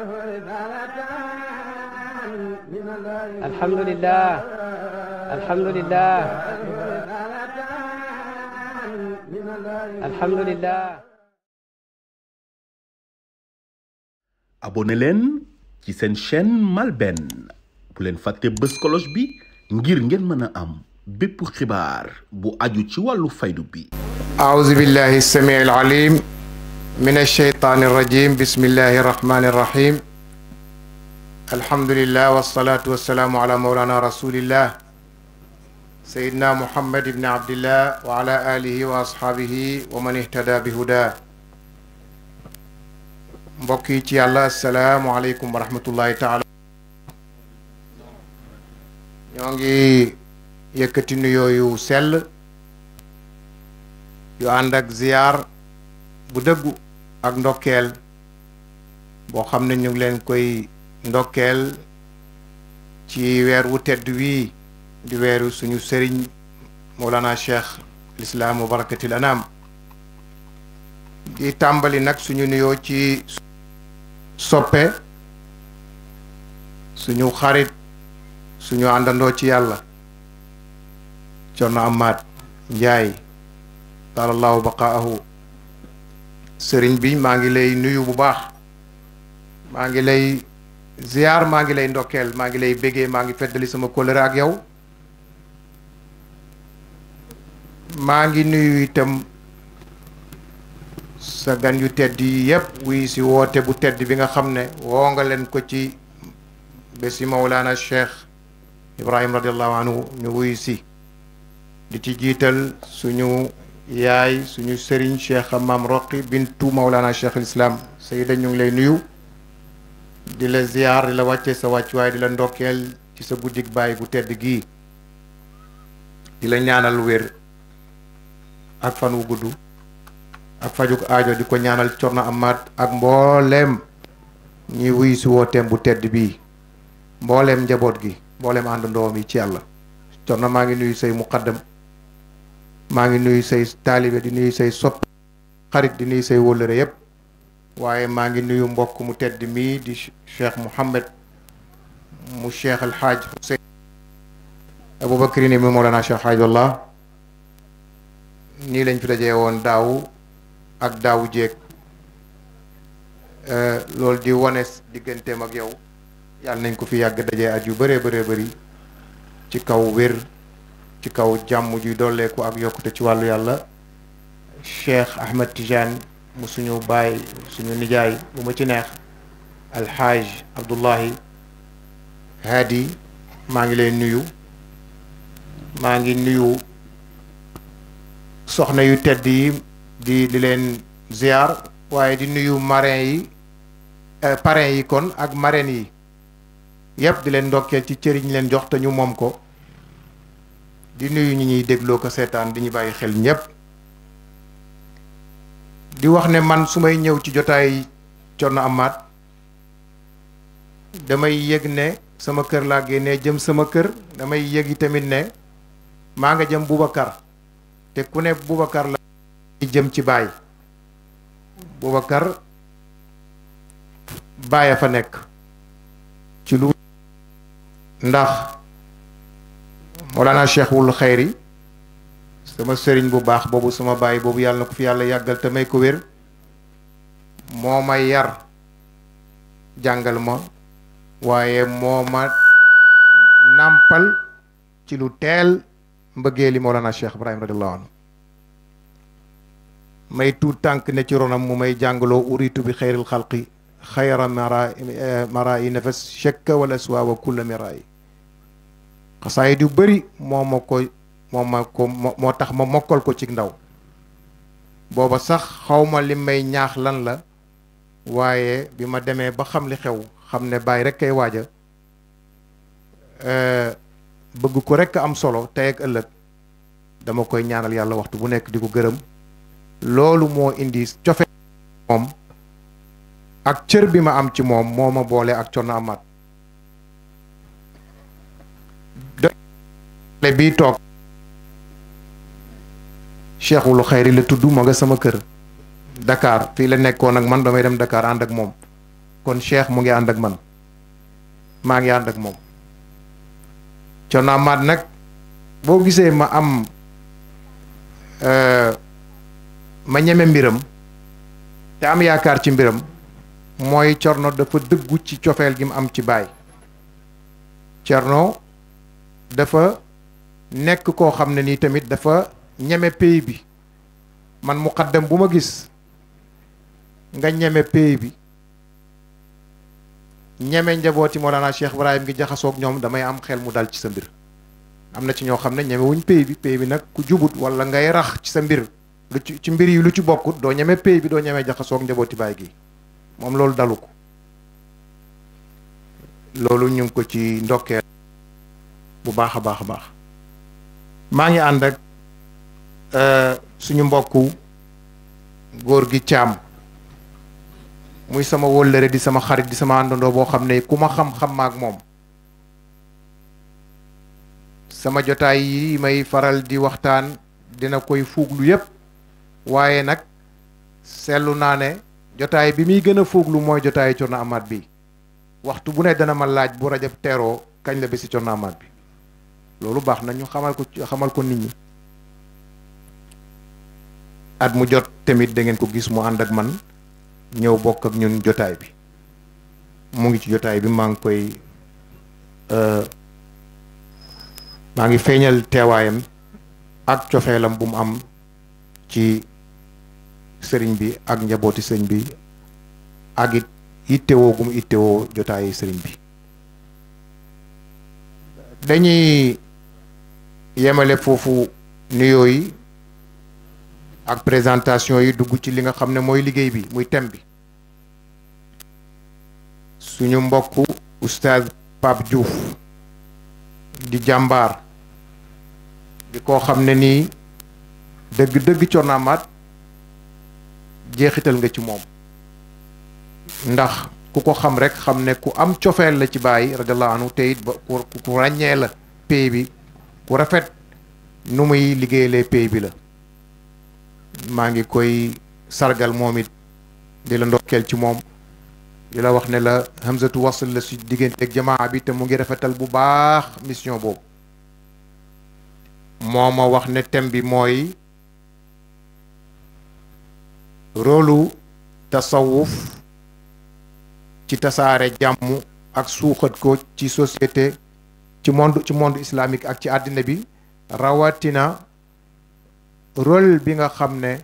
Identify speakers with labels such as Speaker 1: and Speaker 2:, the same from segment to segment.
Speaker 1: alhamdulilah alhamdulilah alhamdulilah. abonné leen ci seen chaîne MALBN bu leen fàtte bës cloche bi ngir ngeen mën a am bépp xibaar bu aju ci wàllu faydu bi. a'uuzu billahi samii'il aliim من الشيطان الرجيم بسم الله الرحمن الرحيم الحمد لله والصلاة والسلام على مولانا رسول الله سيدنا محمد بن عبد الله وعلى آله وأصحابه ومن اهتدى بهداه mbokki ci yàlla asalaamualeykum wa rahmatullahi taala ñoo ngi yëkkati nuyoo yu sell yu ànd ak ziyaar bu dëggu ak ndokkeel boo xam ne ñu leen koy ndokkeel ci weer wu tedd wii di weeru suñu sëriñ Mawlana Cheikh lislaam wa barakatil anam di tàmbali nag suñu nuyoo ci soppe suñu xarit suñu àndandoo ci yàlla Cerno Amaat Njaay taalallahu baqaahu sëriñ bi maa ngi lay nuyu bu baax maa ngi lay ziar maa ngi lay ndokkeel maa ngi lay bégee maa ngi feddali sama kóllëre ak yow maa ngi nuyu itam sa gan yu tedd yi yëpp wuy si woote bu tedd bi nga xam ne woo nga leen ko ci bési Mawlana Cheikh Ibrahim radiallahu anhu ñu wuy si di ci jiital suñu yaay suñu sëriñ cheikh maam roqi bintu maulana cheikh islam sayida ñu ngi lay nuyu di la ziar di la wàcce sa wàccuwaay di la ndokkeel ci sa guddik baay bu tedd gii di la ñaanal wér ak fan wu gudd ak fajuk aajo di ko ñaanal corna amaat ak mbooleem ñi wuy si wooteem bu tedd bii mbooleem njaboot gi mbooleem ànd ndoom yi ci yàlla corna maa ngi nuyu say muqaddam maa ngi nuyu say taalibe di nuyu say sopp xarit di nuyu say wóllëre yépp waaye maa ngi nuyu mbokk mu tedd mii di cheikh Mouhamed mu cheikh El Hadj Ousseynou Aboubacry ni mi Mawlana Cheikh Hadj Allah nii lañ fi dajee woon daaw ak daawu jéeg euh, loolu di wanes digganteem ak yow yàlla nañ ko fi yàgg dajee at yu bëree bëree bari ci kaw wér ci kaw jàmm ju dolleeku ak yokkute ci wàllu yàlla Cheikh Ahmed Tidiane mu suñu baay suñu nijaay bu ma ci neex alxaaj Abdullahi Hadi maa ngi lay nuyu maa ngi nuyu soxna yu tedd yi di di leen ziar waaye di nuyu marraines yi eh, parrains yi kon ak marin yi yépp di leen ndokkeel ci cëriñ leen jox te moom ko di nuyu ñu ñuy dégloo ko seetaan di ñu bàyyi xel ñépp di wax ne man su may ñëw ci jotaay Thierno Amath damay yëg ne sama kër laa génnee jëm sama kër damay yëg tamit ne maa nga jëm Boubacar te ku ne Boubacar la jëm ci baay Boubacar baay a fa nekk ci lu ndax Mawlana Cheikhul Xayri sama sëriñ bu baax boobu sama baay boobu yàlla na ko fi yàlla yàggal te may ko wér moo ma yar jàngal ma waaye moo ma nàmpal ci lu teel mbëggee li Mawlana Cheikh Ibrahim radiyallahu anhu may tuut tànk ne ci ronam mu may jàngaloo uritu bi xayril xalqi xayra mara eh, mara yi nefes chekka wala suwa wa kulla mira yi xasaayit yu bari moo ma ko moo ma ko moo tax ma mokkal ko ci ndaw booba sax xawma lim may ñaax lan la waaye bi ma demee ba xam li xew xam ne bàyyi rek kay waaja euh, bëgg ko rek am solo tey ak ëllëg dama koy ñaanal yàlla waxtu bu nekk di ko gërëm loolu moo indi cofe moom ak cër bi ma am ci moom moo ma boole ak coono amaat xale toog Cheikhul Xayri la tudd moo nga sama kër dakaar fii la nekkoon ak man damay dem Dakar ànd ak moom kon Cheikh mu ngi ànd ak man maa ngi ànd ak moom Thierno Amath nag boo gisee ma am euh, ma ñeme mbiram te am yaakaar ci mbiram mooy Thierno dafa dëggu ci cofeel gi mu am ci baay Thierno dafa nekk koo xam ne nii tamit dafa ñeme pays bi man muqaddam bu ma gis nga ñeme pays bi ñeme njabooti Mawlana Cheikh Ibrahim ngi jaxasoog ñoom damay am xel mu dal ci sa mbir am na ci ñoo xam ne ñeme wuñ bi pays bi nag ku jubut wala ngay rax ci sa mbir lu ci mbir yi lu ci bokk doo ñeme pays bi doo ñeme jaxasoog njabooti baay gi moom loolu dalu ko loolu ñu ngi ko ci ndokkeel bu baax a baax a baax maa ngi ànd ak euh, suñu mbokku góor gi caam muy sama wóllëre di sama xarit di sama àndandoo boo xam ne ku ma xam-xam maak moom sama jotaay yi may faral di waxtaan dina koy fuuglu yépp waaye nag seetlu naa ne jotaay bi muy gën a fuuglu mooy jotaayu Thierno bi waxtu bu ne dana ma laaj bu rajab teeroo kañ la bési Thierno bi loolu baax na ñu xamal ko xamal ko nit ñi at mu jot tamit da ngeen ko gis mu ànd ak man ñëw bokk ak ñun jotaay bi mu ngi ci jotaay bi maa ngi koy euh, maa ngi feeñal teewaayam ak cofeelam bu mu am ci sëriñ bi ak njabooti sëriñ bi ak it ittewoo gum ittewoo jotaayi sëriñ bi dañuy yemale foofu nuyoo yi ak présentation yi dugg ci li nga xam ne mooy liggéey bi muy thème bi suñu mbokk oustaz Pape Diouf di jàmbaar di koo xam ne nii dëgg-dëgg cornaamaat jeexital nga ci moom ndax ku ko xam rek xam ne ku am cofeel la ci bàyyi radiallahu anhu ba ku ràññee la pay bi ku rafet nu muy liggéeyalee pays bi la maa ngi koy sargal moom it di la ndokkeel ci moom di la wax ne la Hamzatu wasl la si diggante ak jamaa bi te mu ngi rafetal bu baax mission boobu moo ma wax ne thème bi mooy rôlu tasawuf ci tasaare jàmm ak suuxat ko ci société ci monde ci monde islamique ak ci àddina bi rawatina rôle bi nga xam ne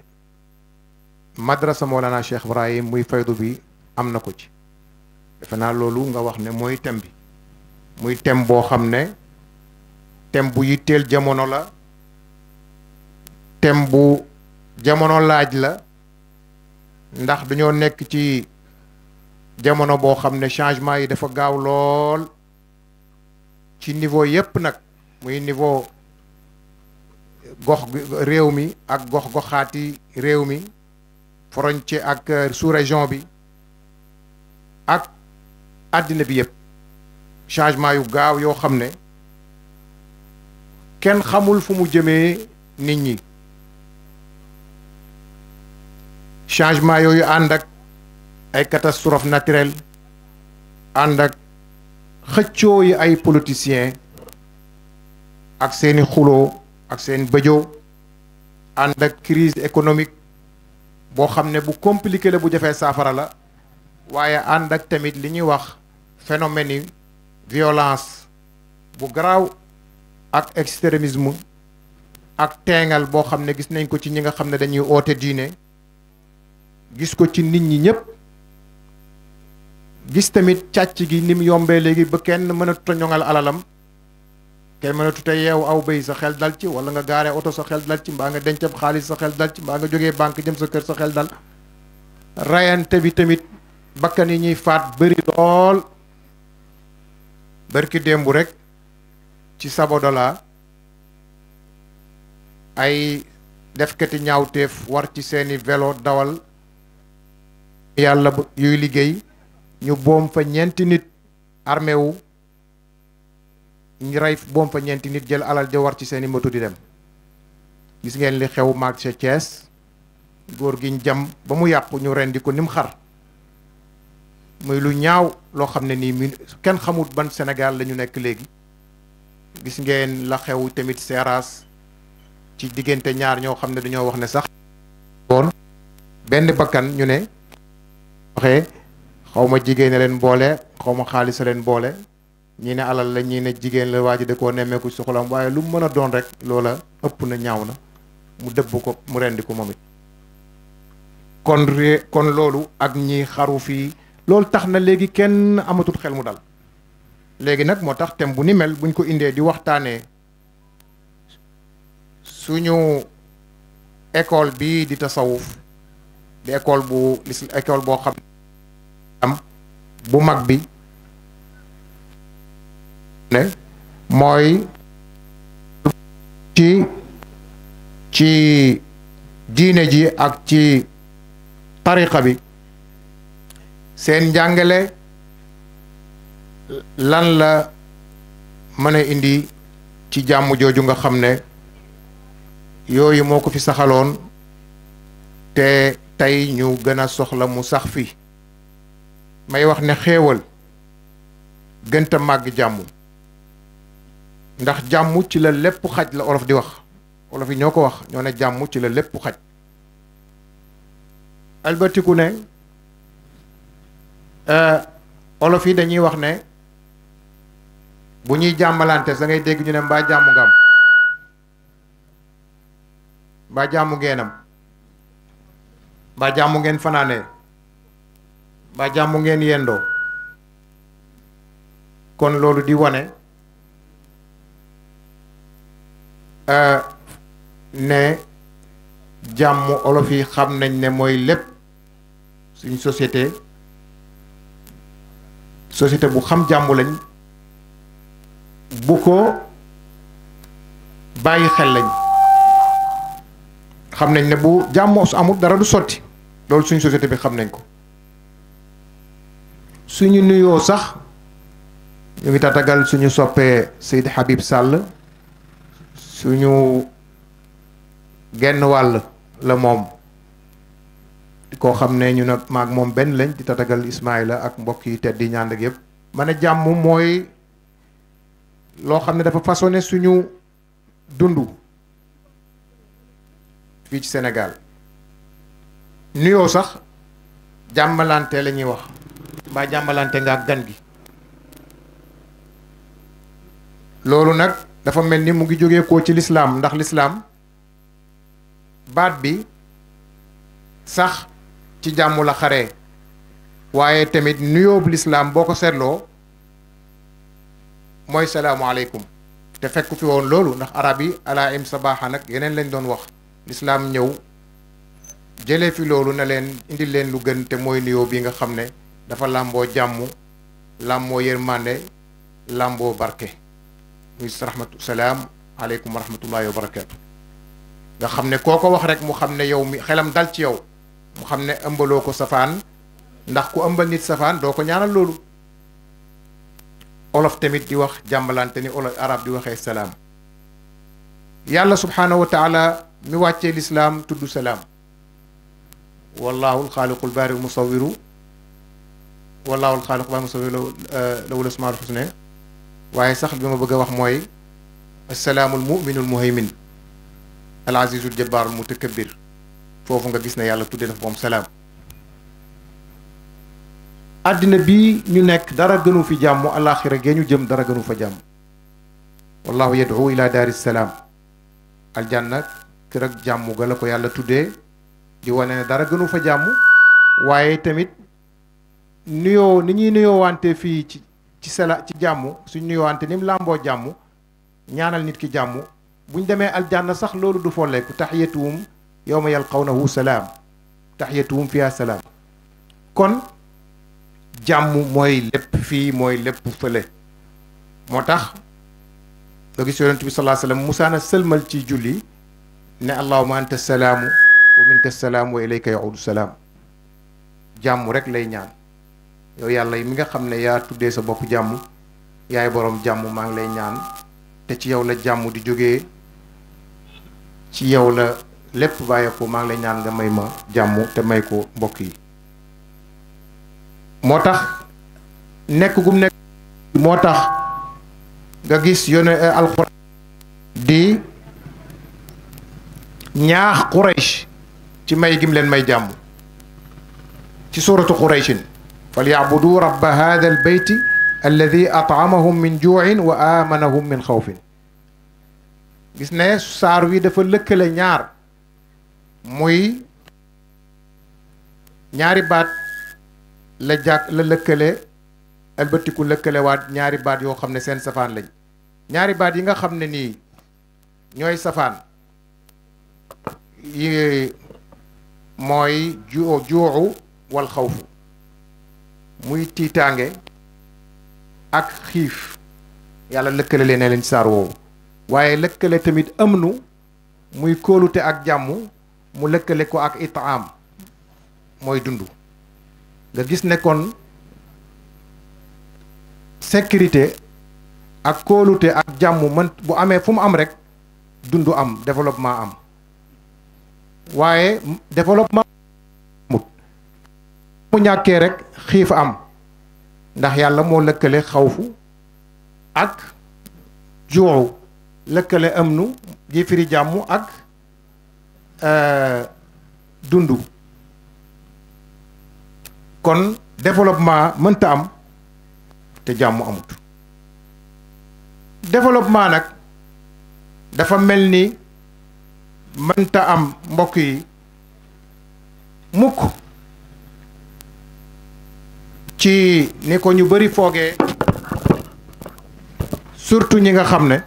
Speaker 1: madrasa Mawlana Cheikh Ibrahim muy faydu bi am na ko ci defe naa loolu nga wax ne mooy thème bi muy thème boo xam ne thème bu yitteel jamono la thème bu jamono laaj la ndax dañoo nekk ci jamono boo xam ne changement yi dafa gaaw lool ci niveau yëpp nag muy niveau gox réew mi ak gox goxaati réew mi frontière ak euh, sous-région bi ak àddina bi yëpp changement yu gaaw yoo xam ne kenn xamul fu mu jëmee nit ñi changement yooyu ànd ak ay catastrophe naturel ànd ak xëccoo yi ay politiciens ak seeni xuloo ak seen bëjoo ànd ak crise économique boo xam ne bu compliqué la bu jafee saafara la waaye ànd ak tamit li ñuy wax phénomène yi violence bu garaaw ak extrémisme ak teengal boo xam ne gis nañ ko ci ñi nga xam ne dañuy oote diine gis ko ci nit ñi ñëpp gis tamit càcc gi ni mu yombee léegi ba kenn mën a toñoŋal alalam kenn mën a tute yeewu aw béy sa xel dal ci wala nga gaaree oto sa xel dal ci mbaa nga dencab xaalis sa xel dal ci mbaa nga sa kër sa dal rayante bi tamit bakkan yi ñuy faat bëri lool bërki démb rek ci Sabodola ay defkati ñaawteef war ci seeni vélo dawal yàlla yuy liggéey ñu boom fa ñeenti nit armé wu ñu rey boom fa ñeenti nit jël alal ja war ci seeni moto di dem gis ngeen li xew maag sa góor giñ jam ba mu yàpp ñu rendi ko nim xar muy lu ñaaw loo xam ne nii mi kenn xamut ban Sénégal la nekk léegi gis ngeen la xew tamit seeraas ci diggante ñaar ñoo xam ne dañoo wax ne sax. woon benn bakkan ñu ne waxee xaw ma jigéen leen boole xaw ma xaalis a leen boole ñii ne alal la ñii ne jigéen la waa ji da koo nemmeeku soxlaam waaye lu mu mën a doon rek loola ëpp na ñaaw na mu dëbb ko mu rendi ko moom it kon ré kon loolu ak ñi xaru fii loolu tax na léegi kenn amatul xel mu dal léegi nag moo tax thème bu ni mel buñ ko indee di waxtaanee suñu école bii di tasawuf di école bu école boo xam bu mag bi mooy ci ci diine ji ak ci tariqa bi seen njàngale lan la mëna indi ci jàmm jooju nga xam ne yooyu moo ko fi saxaloon te tey ñu gën a soxla mu sax fii may wax ne xéewal gënta màgg jàmmu ndax jàmm ci la lépp xaj la olof di wax olof yi ñoo ko wax ñoo ne jàmmu ci la lépp xaj albatiku ne euh, olof yi dañuy wax ne bu ñuy jàmmalante sa ngay dégg ñu ne mbaa jàmm nga am mbaa jàmm ngeenam mbaa jàmm ngeen fanaanee ba jàmm ngeen yendoo kon loolu di wane euh, ne jàmm olof yi xam nañ ne mooy lépp suñ société société bu xam jàmm lañ bu ko bàyyi xel lañ xam nañ ne bu jàmm su amul dara du sotti loolu suñ société bi xam nañ ko suñu nuyoo sax ñu ngi tatagal suñu soppee Seyd Habib Sall suñu genn wàll la moom koo xam ne ñu ne maag moom benn lañ di tatagal Ismaïla ak mbokk yi tedd yi ñànd ak yëpp ma jàmm mooy loo xam ne dafa façonné suñu dund fii ci senegaal nuyoo sax jàmmalante la ñuy wax mbaa jàmbalante nga ak gan gi loolu nag dafa mel ni mu ngi jógee koo ci lislaam ndax lislaam baat bi sax ci jàmm la xaree waaye tamit nuyoob lislaam boo ko seetloo mooy salaamualeykum te fekk fi woon loolu ndax arab yi ala im sabaaxa nag yeneen lañ doon wax lislaam ñëw jëlee fi loolu na leen indi leen lu gën te mooy nuyoo bi nga xam ne dafa làmboo jàmm làmboo yërmande làmboo barke muy rahmatu salaam aleykum wa wa barakaatu nga xam ne koo ko wax rek mu xam ne yow mi xelam dal ci yow mu xam ne ëmbaloo ko safaan ndax ku ëmbal nit safaan doo ko ñaanal loolu olof tamit di wax jàmbalante ni olof arab di waxee salaam yàlla subhaanahu wa taala mi wàccee lislaam tudd salaam wallaahu alxaaliqu albaari musawwiru wallaahul xaaliq wal musawi euh, law lawul asmaul husna waaye sax bi ma bëgg a wax mooy asalaamul muminul muhaymin al azizul jabbaarul mutakabbir foofu nga gis ne yàlla tudde na fa moom salaam àddina bii ñu nekk dara gënu fi jàmm alaaxira gee ñu jëm dara gënu fa jàmm wallahu yad'u ila daari salaam aljanna kër ak jàmm ga la ko yàlla tuddee di wane ne dara gënu fa jàmm waaye tamit nuyoo ni ñuy nuyoo wante fii ci ci sela ci jàmm suñ nuyoo wante ni mu làmboo jàmm ñaanal nit ki jàmm buñ demee aljanna sax loolu du folleeku taxiyatuhum na yalqawnahu salaam taxiyatuhum fiha salaam kon jàmm mooy lépp fii mooy lépp fële moo tax nga gis yonent bi salaa sallam musaana sëlmal ci julli ne allahuma anta salaamu wa minka salaam wa ilayka yahudu salaam jàmm rek lay ñaan yow yàlla yi mi nga xam ne yaa tuddee sa bopp jàmm yaay boroom jàmm maa ngi lay ñaan te ci yow la jàmm di jógee ci yow la lépp bàyyeekoo maa ngi lay ñaan nga may ma jàmm te may ko mbokk yi moo tax nekk gum nekk moo tax nga gis yoone eh, alxuraan di ñaax Quraysh ci may gim leen may jàmm ci suuratu Qurayshin falyacbudu rabba hada albeyti alladi ataamahum min juuin wa aamanahum min xawfin gis na saar wi dafa lëkkale ñaar muy ñaari baat la jàkk la lëkkale albatiku lëkkale waat ñaari baat yoo xam ne seen safaan lañ ñaari baat yi nga xam ne nii ñooy safaan yi mooy juu juuxu wal xawfu muy tiitaange ak xiif yàlla lëkkale leen ne leen saar woowu waaye lëkkale tamit am nu muy kóolute ak jàmm mu lëkkale ko ak itaam mooy dund nga gis nekkoon sécurité ak kóolute ak jàmm mën bu amee fu mu am rek dundu am développement am waaye développement mu ñàkkee rek xiif am ndax yàlla moo lëkkale xawfu ak juuxu lëkkale am nu ji firi jàmm ak euh, dundu kon développement mënta am te jàmm amut développement nag dafa mel ni mënta am mbokk yi mukk ci ni ko ñu bari foogee surtout ñi nga xam ne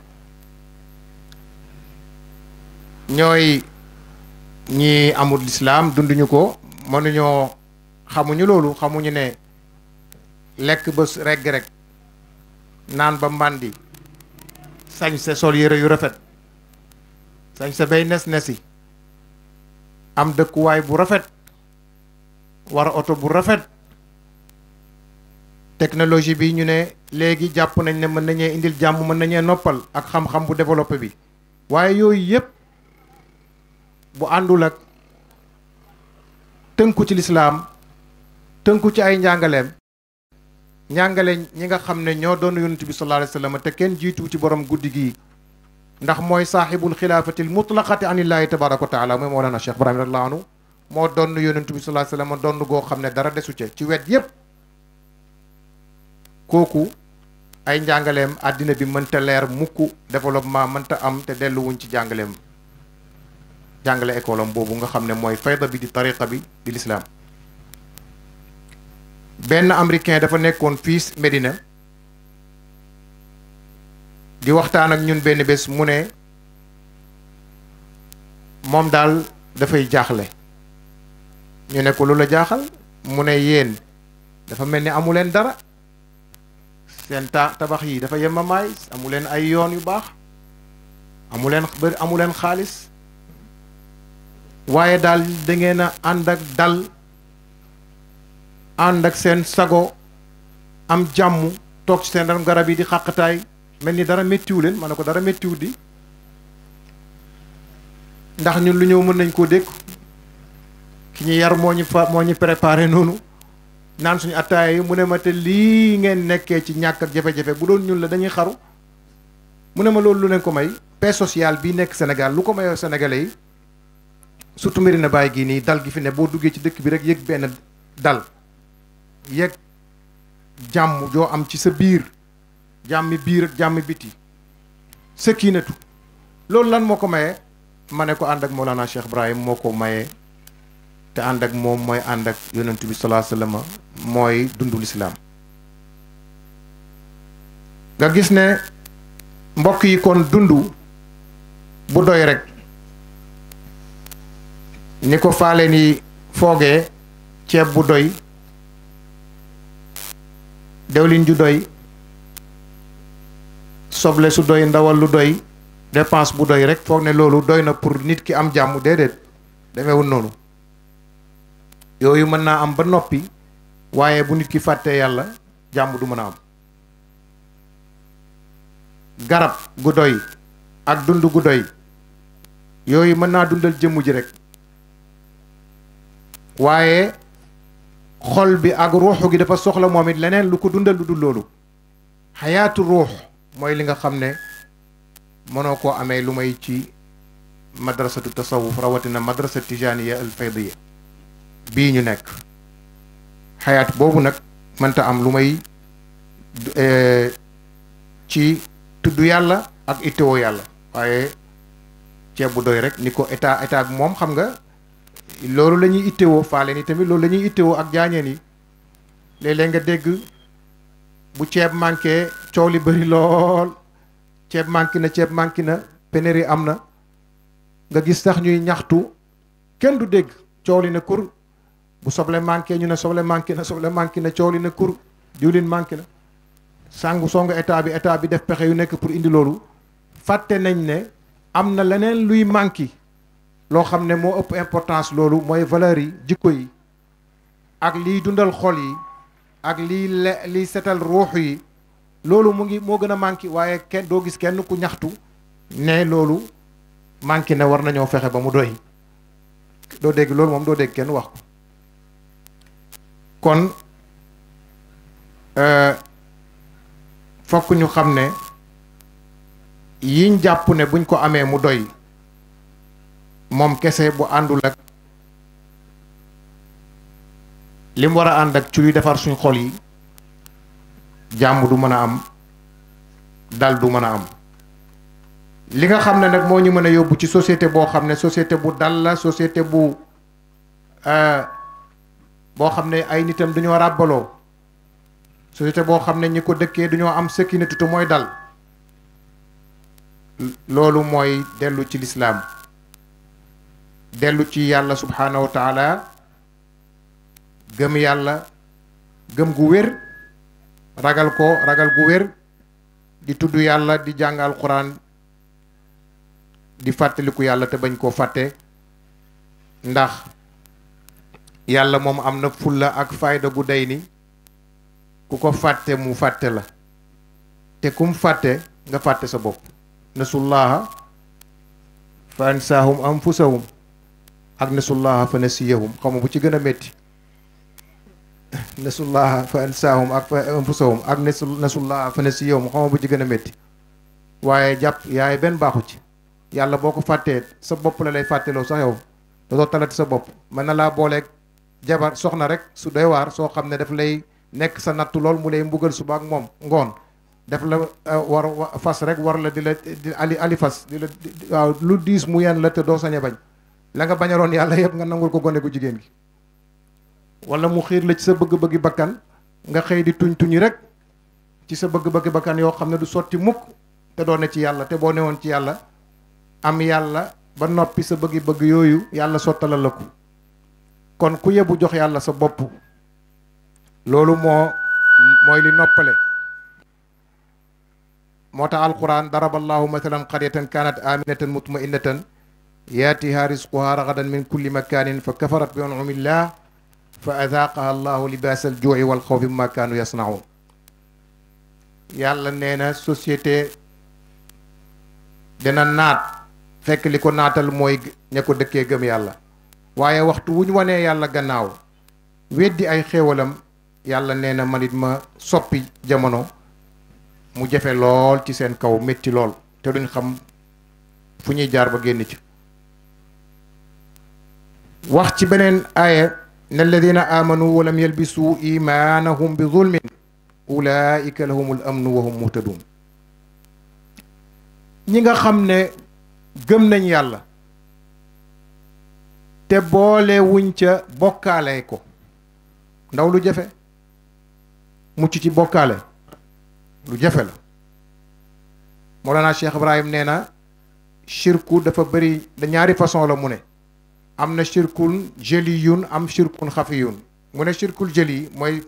Speaker 1: ñooy ñi amul lislaam dunduñu ko mënuñoo xamuñu loolu xamuñu ne lekk ba regg rek naan ba mbàndi sañ sa sol yére yu rafet sañ sa bay nes nesi am dëkkuwaay bu rafet wara oto bu rafet technologie bi ñu ne léegi jàpp nañ ne mën nañee indil jàmm mën nañee noppal ak xam-xam bu développé bi waaye yooyu yëpp bu àndul ak tënku ci lislaam tënku ci ay njàngaleem njàngale ñi nga xam ne ñoo doon yonent bi sallallahu alayhi wa sallam te kenn jiitu ci borom guddi gii ndax mooy saaxibul xilaafatil mutlaqati anillaahi tabaraka wa taala mooy Mawlana Cheikh Ibrahim radiyallahu anhu moo doon yonent bi sallallahu alayhi wa sallam doon goo xam ne dara desu ca ci wet yëpp kooku ay njàngaleem àddina bi mënta leer mukk développement mënta am te delluwuñ ci jàngaleem jàngale école boobu nga xam ne mooy fayda bi di tariqa bi di lislaam benn américain dafa nekkoon fii Medina di waxtaan ak ñun benn bés mu ne moom daal dafay jaaxle ñu ne ko lu la jaaxal mu ne yéen dafa mel ni amuleen dara seen ta tabax yi dafa yemamaay amu leen ay yoon yu baax amu leen bëri amu leen xaalis waaye daal dangeen a ànd ak dal ànd ak seen sago am jàmm toog ci seen ram garab yi di xàqtaay mel ni dara méttiwu leen ma ne ko dara méttiwu di ndax ñun lu ñëw mën nañ koo dégg ki ñu yar moo ñu moo ñu préparé noonu naan suñu attaaya yi mu ne ma te lii ngeen nekkee ci ñàkk ak jafe-jafe bu doon ñun la dañuy xaru mu ne ma loolu lu ne ko may paix sociale bi nekk senegal lu ko mayoo Sénégalais yi surtout mbiri na bàyyi gii nii dal gi fi ne boo duggee ci dëkk bi rek yëg benn dal yëg jàmm joo am ci sa biir jàmmi biir ak jàmmi biti sëkkiinatu loolu lan moo ko mayee ma ne ko ànd ak Mawlana Cheikh Ibrahim moo ko mayee te ànd ak moom mooy ànd ak yonent bi salaa sallama mooy dundu lislaam nga gis ne mbokk yi kon dund bu doy rek ni ko faale ni foogee ceeb bu doy dewlin ju doy soble su doy ndawal lu doy dépense bu doy rek foog ne loolu doy na pour nit ki am jàmm déedéet demeewul noonu yooyu mën naa am ba noppi waaye bu nit ki fàttee yàlla jàmm du mën a am garab gu doy ak dund gu doy yooyu mën naa dundal jëmm ji rek waaye xol bi ak ruuxu gi dafa soxla moom it leneen lu ko dundal lu dul loolu xayaatu ruux mooy li nga xam ne mënoo koo amee lu may ci madrasatu tasawuf rawatina madrasa tijaniya al bii ñu nekk xayaat boobu nag mënta am lu may eh, ci tudd yàlla ak itteewoo yàlla waaye ceeb bu doy rek ni ko état état moom xam nga loolu lañuy ñuy itteewoo faale ni tamit loolu la ñuy itteewoo ak jaañeen yi léeg nga dégg bu ceeb manqué coow li bëri lool ceeb manqué na ceeb manqué na pénurie am na nga gis sax ñuy ñaxtu kenn du dégg coow li na kur bu soble manqué ñu ne soble manqué na soble manqué na coow li ne kur diwlin manqué na sàngu songu état bi état bi def pexe yu nekk pour indi loolu fàtte nañ ne am na leneen luy manqué loo xam ne moo ëpp importance loolu mooy valeur yi jikko yi ak lii dundal xol yi ak liy le liy setal ruux yi loolu mu ngi moo gën a manqué waaye kenn doo gis kenn ku ñaxtu ne loolu manqué ne war nañoo fexe ba mu doy doo dégg loolu moom doo dégg kenn wax kon euh, fokk ñu xam ne yiñ jàpp ne buñ ko amee mu doy moom kese bu àndul ak li mu war a ànd ak ci luy defar suñ xol yi jàmm du mën a am dal du mën a am li nga xam ne nag moo ñu mën a yóbbu ci société boo xam ne société bu dal la société bu euh, boo xam ne ay nitam dañoo ràbbaloo société boo xam ne ñi ko dëkkee dañoo am sécurité te mooy dal loolu mooy dellu ci lislaam dellu ci yàlla subhaanahu wa taala gëm yàlla gëm gu wér ragal ko ragal gu wér di tudd yàlla di jàng alquran di fàttaliku yàlla te bañ koo fàtte ndax yàlla moom am na fulla ak fayda gu day ni ku ko fàtte mu fàtte la te kum fàtte nga fàtte sa bopp nasullaha fa ansaahum anfusahum ak nasullaha fa nasiyahum xawma bu ci gën a métti nasullaha fa ansaahum ak fa anfusahum ak nasullaha fa nasiyahum xawma bu ci gën a métti waaye jàpp yaay benn baaxu ci yàlla boo ko fàttee sa bopp la lay fàtteloo sax yow dootoo talati sa bopp mën na laa booleeg jabar soxna rek su doy waar soo xam ne daf lay nekk sa nattu lool mu lay mbugal suba ak moom ngoon daf la euh, war fas rek war la di la di ali ali fas di la waaw lu diis mu yan la te doo sañ a bañ la nga bañaloon yàlla yëpp nga nangul ko gone gu jigéen gi wala mu xiir la ci sa bëgg-bëggi bakkan nga xëy di tuñ tuñi rek ci sa bëgg-bëggi bakkan yoo xam ne du sotti mukk te doo ne ci yàlla te boo ne woon ci yàlla am yàlla ba noppi sa bëggi-bëgg yooyu yàlla sottalal la ko kon ku yebu jox yàlla sa bopp loolu moo mooy li noppale moo tax alquran daraballaahu mathalan qaryatan kanat aminatan mutma'innatan yaatiha risquha ragadan min kulli makanin fa kafarat bi anumillah fa azaaqaha allahu libaas aljuuci wal xawfi bima kaanu yasnaun yàlla nee na société dina naat fekk li ko naatal mooy ña ko dëkkee gëm yàlla waaye waxtu wu ñu wanee yàlla gannaaw weddi ay xéewalam yàlla nee na man ma soppi jamono mu jafe lool ci seen kaw métti lool te duñ xam fu ñuy jaar ba génn ci wax ci beneen aaya ne alladina amanu walam yalbisu imaanahum bi zulmin ulaika lahum al amnu wa hum muhtadun ñi nga xam ne gëm nañ yàlla te boole wuñ ca bokkaale ko ndaw lu jafe mucc ci bokkaale lu jafe la Mawlana Cheikh Ibrahim nee na shirku dafa bëri da ñaari façon la mu ne am na shirkul jëliyun am shirkul xafiyun mu ne shirkul jëli mooy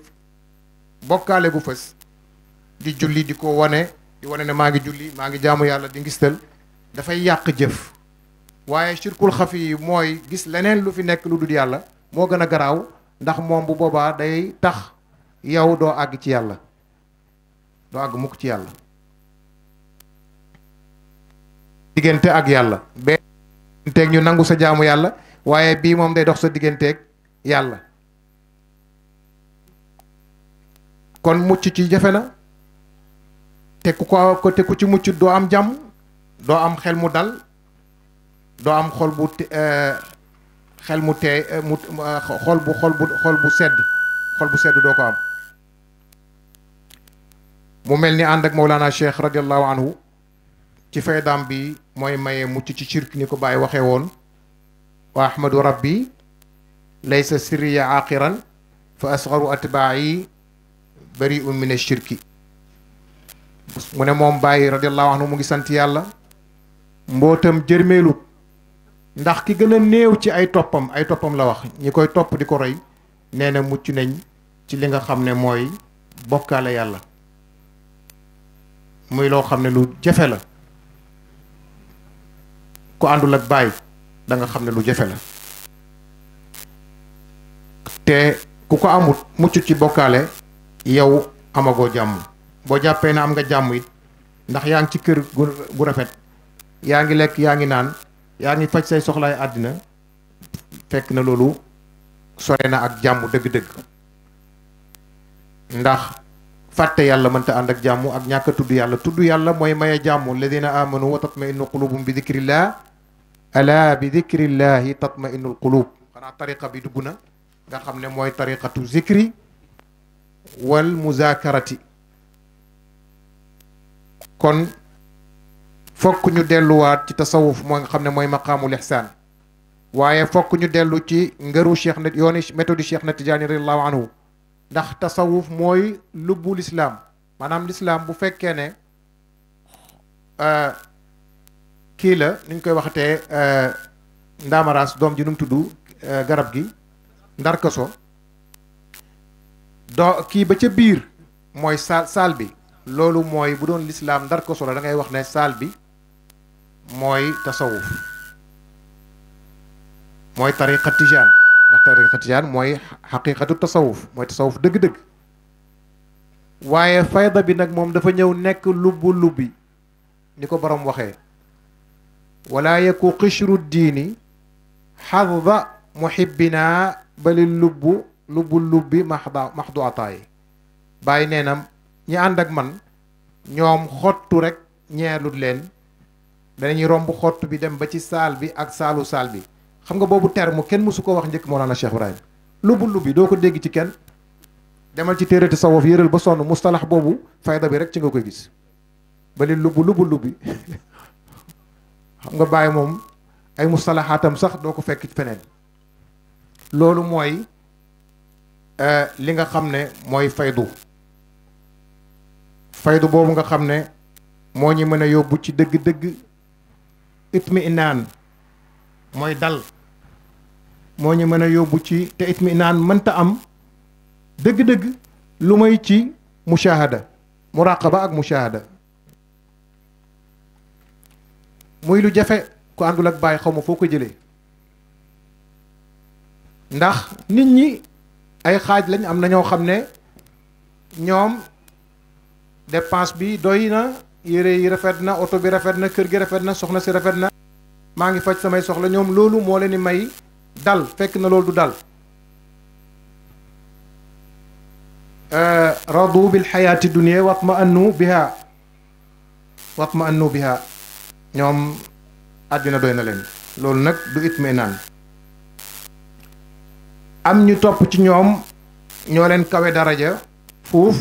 Speaker 1: bokkaale gu fës di julli di ko wane di wane ne maa ngi julli maa ngi jaamu yàlla di ngistal dafay yàq jëf waaye shirkul xafi yi mooy gis leneen lu fi nekk lu dul yàlla moo gën a garaaw ndax moom bu boobaa day tax yow doo àgg ci yàlla doo àgg mukk ci yàlla diggante ak yàlla bee digganteeg ñu nangu sa jaamu yàlla waaye bii moom day dox sa digganteeg yàlla kon mucc ci jafe na te ku ko te ku ci mucc doo am jàmm doo am xel mu dal doo am xol bu euh, xel mu teey euh, mu euh, xol bu xol bu xol bu sedd xol bu sedd doo ko am mu mel ni ànd ak Mawlana Cheikh radiallahu anhu ci faydaam bi mooy maye mucc ci shirk ni ko Baay waxee woon wa ahmadu rabbi laysa sirriya aaqiran fa asgaru atbaa'i bari'un min ashirki mu ne moom Baay radiallahu anhu mu ngi sant yàlla mbootam jërmeelut ndax ki gën a néew ci ay toppam ay toppam la wax ñi koy topp di ko roy nee na mucc nañ ci li nga xam ne mooy bokkaale yàlla muy loo xam ne lu jafe la ku àndul ak baay da xam ne lu jafe la te ku ko amut mucc ci bokkaale yow amagoo jàmm boo jàppee na am nga jàmm it ndax yaa ngi ci kër gu rafet yaa ngi lekk yaa ngi naan yaa ngi faj say soxlaay àddina fekk na loolu sore na ak jàmm dëgg-dëgg ndax fàtte yàlla mënta ànd ak jàmm ak ñàkk tudd yàlla tudd yàlla mooy maye jàmm alladina amanu wa tatmainu qulubum bi dikrillah ala bi dikrillahi tatmainul qulub xanaa tariqa bi dugg na nga xam ne mooy tariqatu zikri wal muzakarati kon fokk ñu delluwaat ci tasawuf moo nga xam ne mooy maqaamul ihsaan waaye fokk ñu dellu ci ngëru cheikh na yooni méthode cheikh na tijaani radiallahu anhu ndax tasawuf mooy lubbu lislaam maanaam lislaam bu fekkee ne euh, kii la ni ñu koy waxatee euh, ndaamaraas doom ji nu tudd euh, garab gi ndar do kii ba ca biir mooy saal saal bi loolu mooy bu doon lislaam ndar kaso la da ngay wax ne saal bi mooy tasawuf mooy tariqa tijaan ndax tariqa mooy xaqiqatu tasawuf mooy tasawuf dëgg-dëgg waaye fayda bi nag moom dafa ñëw nekk lubbu lubbi ni ko boroom waxee wala yeku xishru diini xadda muhibbinaa bali lubbu lubbu lubbi maxda maxdu ataay bàyyi nee na ñi ànd ak man ñoom xottu rek ñeelut leen danañuy romb xott bi dem ba ci saal bi ak saalu saal bi xam nga boobu terme kenn mësu ko wax njëkk Mawlana Cheikh Ibrahim lubu lubi doo ko dégg ci kenn demal ci téere tasawuf yëral ba sonn mustalax boobu fayda bi rek ci nga koy gis bale lubu lubu lubi xam nga bàyyi moom ay mustalaxaatam sax doo ko fekk feneen loolu mooy euh, li nga xam ne mooy faydu faydu boobu nga xam ne moo ñu mën a yóbbu ci dëgg-dëgg itminaan mooy dal moo ñu mën a yóbbu ci te itminaan mënta am dëgg-dëgg lu may ci mushahada muraqaba ak mushahada muy lu jafe ku àndul ak bàyyi xaw ma foo ko jëlee ndax nit ñi ay xaaj lañ am na ñoo xam ne ñoom dépense bi doy na yére yi rafet na oto bi rafet na kër gi rafet na soxna si rafet na maa ngi faj samay soxla ñoom loolu moo leen di may dal fekk na loolu du dal euh, radu bil xayaati ma watma annu biha watma annu biha ñoom àddina doy na leen loolu nag du itminaan am ñu topp ci ñoom ñoo leen kawe daraja fuuf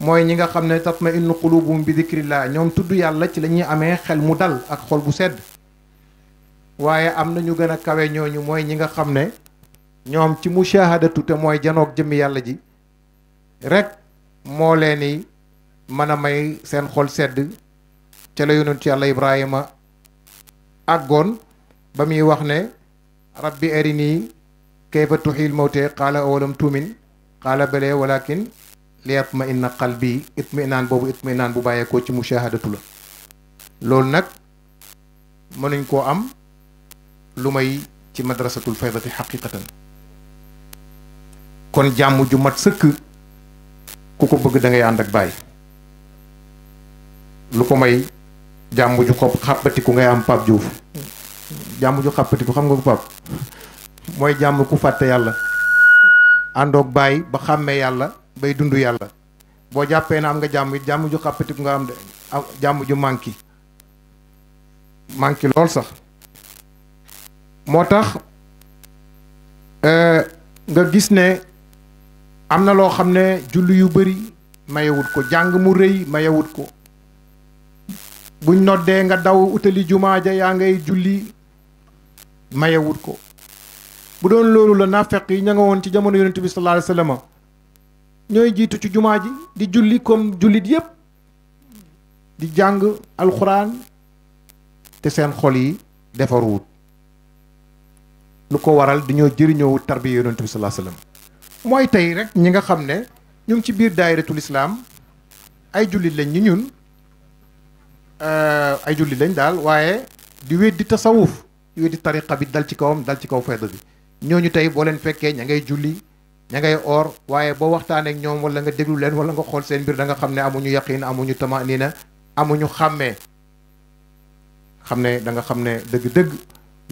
Speaker 1: mooy ñi nga xam ne tatma innu qulubuhum bi dikrillah ñoom tudd yàlla ci la amee xel mu dal ak xol bu sedd waaye am na ñu gën a kawe ñooñu mooy ñi nga xam ne ñoom ci mushahadatu te mooy janook jëmmi yàlla ji rek moo leen i mën a may seen xol sedd ca la yonentu yàlla ibrahima àggoon ba muy wax ne rabbi arinii kayfa tuxiil mawte qaala awalam tuumin qaala bale walakin li ma inna qalbi itminaan boobu itminaan bu bàyyeekoo ci mushahadatu la loolu nag mënuñ koo am lu may ci madrasatul faydati xaqiqatan kon jàmm ju mat sëkk ku ko bëgg da ànd ak bàyyi lu ko may jàmm ju ko xàppatiku ngay am Pape Diouf jàmm ju xàppatiku xam nga ko Pape mooy jàmm ku fàtte yàlla àndoog bàyyi ba xàmmee yàlla bay dund yàlla boo jàppee na am nga jàmm jàmm ju xàppatiku nga am de jàmm ju manqué manqué lool sax moo tax euh, nga gis ne am na loo xam ne julli yu bëri mayewut ko jàng mu rëy mayewut ko buñ noddee nga daw utali jumaa ja yaa ngay julli mayewut ko bu doon loolu la naafeq yi ña nga woon ci jamono yonent bi sallallahu alayhi wa sallam ñooy jiitu ci jumaa ji di julli comme jullit yépp di jàng alxuraan te seen xol yi defaruwut lu ko waral di jëriñoowut tarbiya yonent bi sallallahu alayhi wasallam mooy tey rek ñi nga xam ne ñu ngi ci biir daayiratul islaam ay jullit lañ ñi ñun euh, ay julli lañ daal waaye di weddi tasawuf di weddi tariqa bi dal ci kawam dal ci kaw fayda bi ñooñu tey boo leen fekkee ña ngay julli ña ngay or waaye boo waxtaaneek ak ñoom wala nga déglu leen wala nga xool seen mbir da nga xam ne amuñu yaqiin amuñu tamaniina amuñu xàmmee xam ne danga xam ne dëgg-dëgg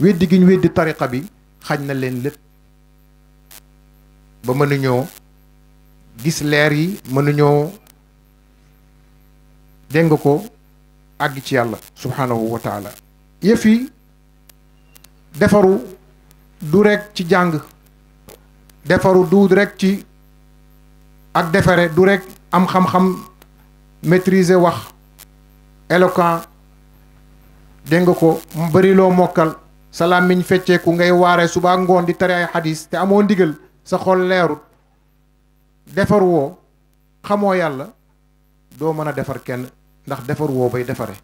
Speaker 1: weddi gi ñu tariqa bi xañ na leen lépp ba mënuñoo gis leer yi mënuñoo dégg nga ko àgg ci yàlla subhaanahu wa taala defaru du rekk ci jàng defaru du rek ci ak defaree du rekk am xam-xam maîtriser wax éloquent dégg nga ko bëriloo mokkal sa làmmiñ fecceeku ngay waare subaa ngoon di tare ay xadis te amoo ndigal sa xol leerut defar woo xamoo yàlla doo mën a defar kenn ndax defar woo bay defare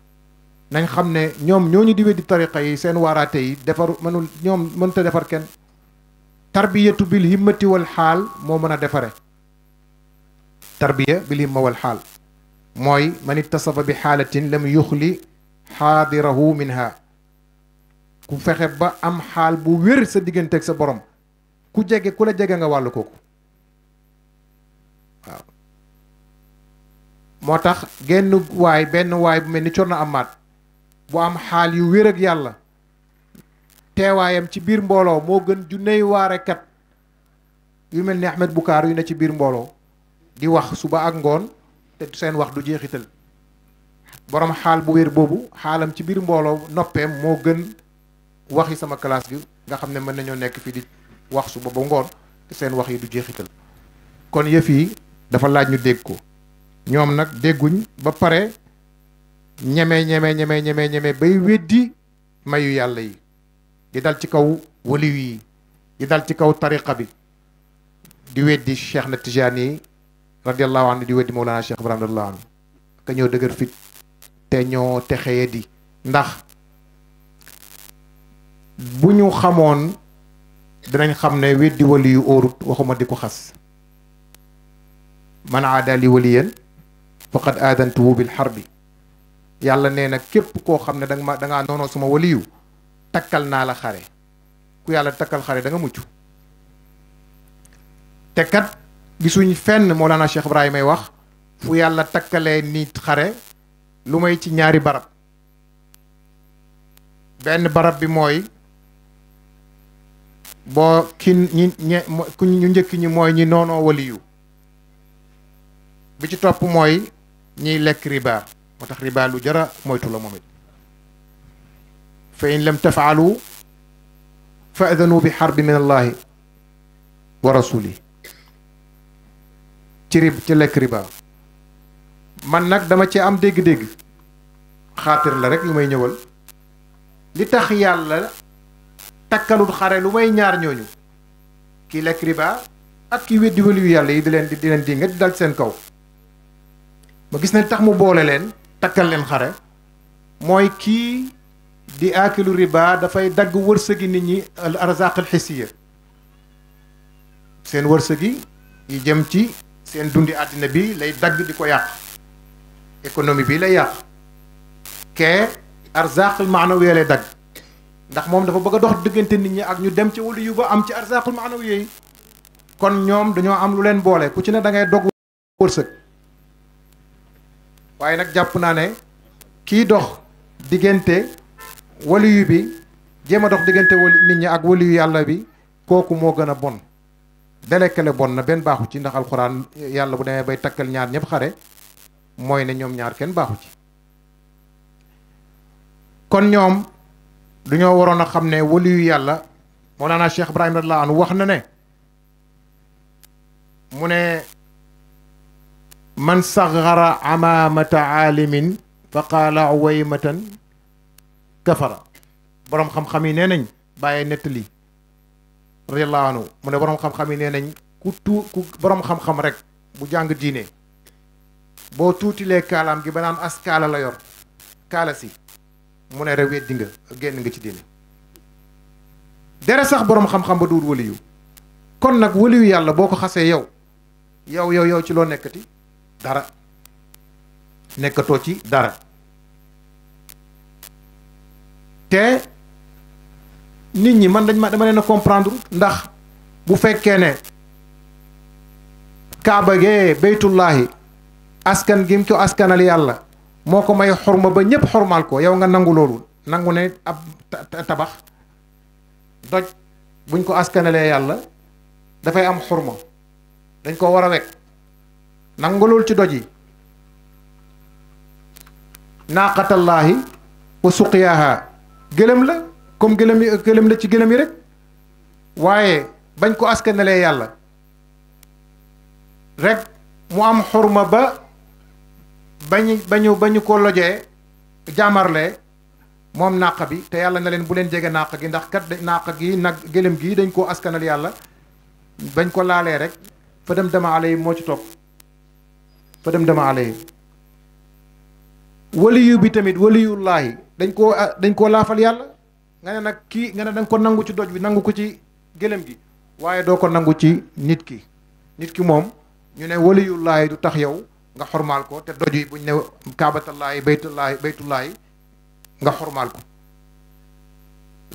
Speaker 1: nañ xam ne ñoom ñoo ñu ñooñu di weddi tariqa yi seen waaraate yi defar mënul ñoom mënut a defar kenn tarbiyatu bil himmati wal xaal moo mën a defare tarbiya bil himma xaal mooy man ittasaba bi xaalatin lam yuxli xaadirahu minha ku fexe ba am xaal bu wér sa diggante sa borom ku jege ku la jege nga wàllu kooku waaw moo tax genn waay benn waay bu mel ni corna amaat bu am xaal yu wér yàlla teewaayam ci biir mbooloo moo gën junney waarekat yu mel ni Ahmed Boucar yu ne ci biir mbooloo di wax suba ak ngoon te seen wax du jeexital boroom xaal bu wér boobu xaalam ci biir mbooloo noppeem moo gën wax waxi sama classe bi nga xam ne mën nañoo nekk fii di wax suba ba ngoon te seen wax yi du jeexital kon yëf yi dafa laaj ñu dégg ko ñoom nag dégguñ ba pare ñeme ñeme ñeme ñeme ñeme bay weddi mayu yàlla yi di dal ci kaw waliw yi di dal ci kaw tariqa bi di weddi cheikh na tijaani radiallahu anhu di weddi mawlana cheikh ibrahim radiallahu anhu ka ñoo dëgër fit te ñoo texeye di ndax bu ñu xamoon dinañ xam ne weddi wali yu óorut waxuma di ko xas man aada li waliyan faqad aadantuhu bil harbi yàlla nee na képp koo xam ne danga ma da ngaa noonoo suma waliyu takkal naa la xare ku yàlla takkal xare da nga mucc te kat gisuñ fenn Mawlana Cheikh Ibrahima ay wax fu yàlla takkalee nit xare lu may ci ñaari barab benn barab bi mooy boo ki ñi ñe ku ñu njëkk ñi mooy ñi noonoo waliyu bi ci topp mooy ñiy lekk riba moo tax riba lu jara moytu la moom it fa in lam tafaalu fa adanu bi xarbi min allahi wa rasuli ci rib ci lekk riba man nag dama ci am dégg-dégg xaatir la rek lu may ñëwal li tax yàlla takkalul xare lu may ñaar ñooñu kii lekk riba ak kii weddi yu yàlla yi di leen di leen di nga di dal seen kaw ma gis ne tax mu boole leen takkal leen xare mooy kii di aakilu riba dafay dagg wërsëgi nit ñi al arzaq al xisiya seen wërsëgi yi jëm ci seen dundi àddina bi lay dagg di ko yàq économie bi lay yàq kee arzaqul maanawiya lay dagg ndax moom dafa bëgg a dox diggante nit ñi ak ñu dem ci wali yu ba am ci arzaqul maanawiya yi kon ñoom dañoo am lu leen boole ku ci ne da ngay dog wërsëg waaye nag jàpp naa ne kii dox diggante waliyu bi jéem a dox diggante wali nit ñi ak waliyu yàlla bi kooku moo gën a bon delekale bon na benn baaxu ci ndax alxuraan yàlla bu demee bay takkal ñaar ñëpp xare mooy ne ñoom ñaar kenn baaxu ci kon ñoom duñoo waroon a xam ne waliyu yàlla Mawlana Cheikh Ibrahim radiyallahu anhu wax na ne mu ne man saxara amaamata aalimin fa qaala uwaymatan kafara boroom xam-xam yi nee nañ bàyyee nettali radiyallahu anhu mu ne boroom xam-xam yi nee nañ ku tuu ku borom xam-xam rek bu jàng diine boo tuutilee kaalaam gi ba naan as kaala la yor kaala si mu ne rek weddi nga génn nga ci diine dere sax boroom xam-xam ba duur waliyu kon nag waliyu yàlla boo ko xasee yow yow yow yow ci loo nekkati dara nekkatoo ci dara te nit ñi man dañ ma dama leen a comprendre ndax bu fekkee ne kaaba gee beytullaahi askan gi mu ko askanal yàlla moo ko may xorma ba ñépp xormaal ko yow nga nangu loolu nangu ne ab tabax doj buñ ko askanalee yàlla dafay am xorma dañ ko war a wekk nangu loolu ci doj yi naaqatallaahi wa suqiyaaha gëlëm la comme gëlëm yi gëlëm la ci gëlëm yi rek waaye bañ ko askanalee yàlla rek mu am xorma ba bañu bañu ba ñu ko lojee jaamarlee moom naq bi te yàlla na leen bu leen jege nàq gi ndax kat nàq gi nag gëlëm gi dañ koo askanal yàlla bañ ko laalee rek fa dem dama ale yi moo ci topp fa dem dama ale waliyu bi tamit waliyullaahi dañ koo ah, dañ koo laafal yàlla nga ne nag kii nga ne da nga ko nangu ci doj bi nangu ko ci gëléem gi waaye doo ko nangu ci nit ki nit ki moom ñu ne waliyullaahi du tax yow nga xormaal ko te doj bu ñu ne kaabatallaahi baytullaahi baytullaahi nga xormaal ko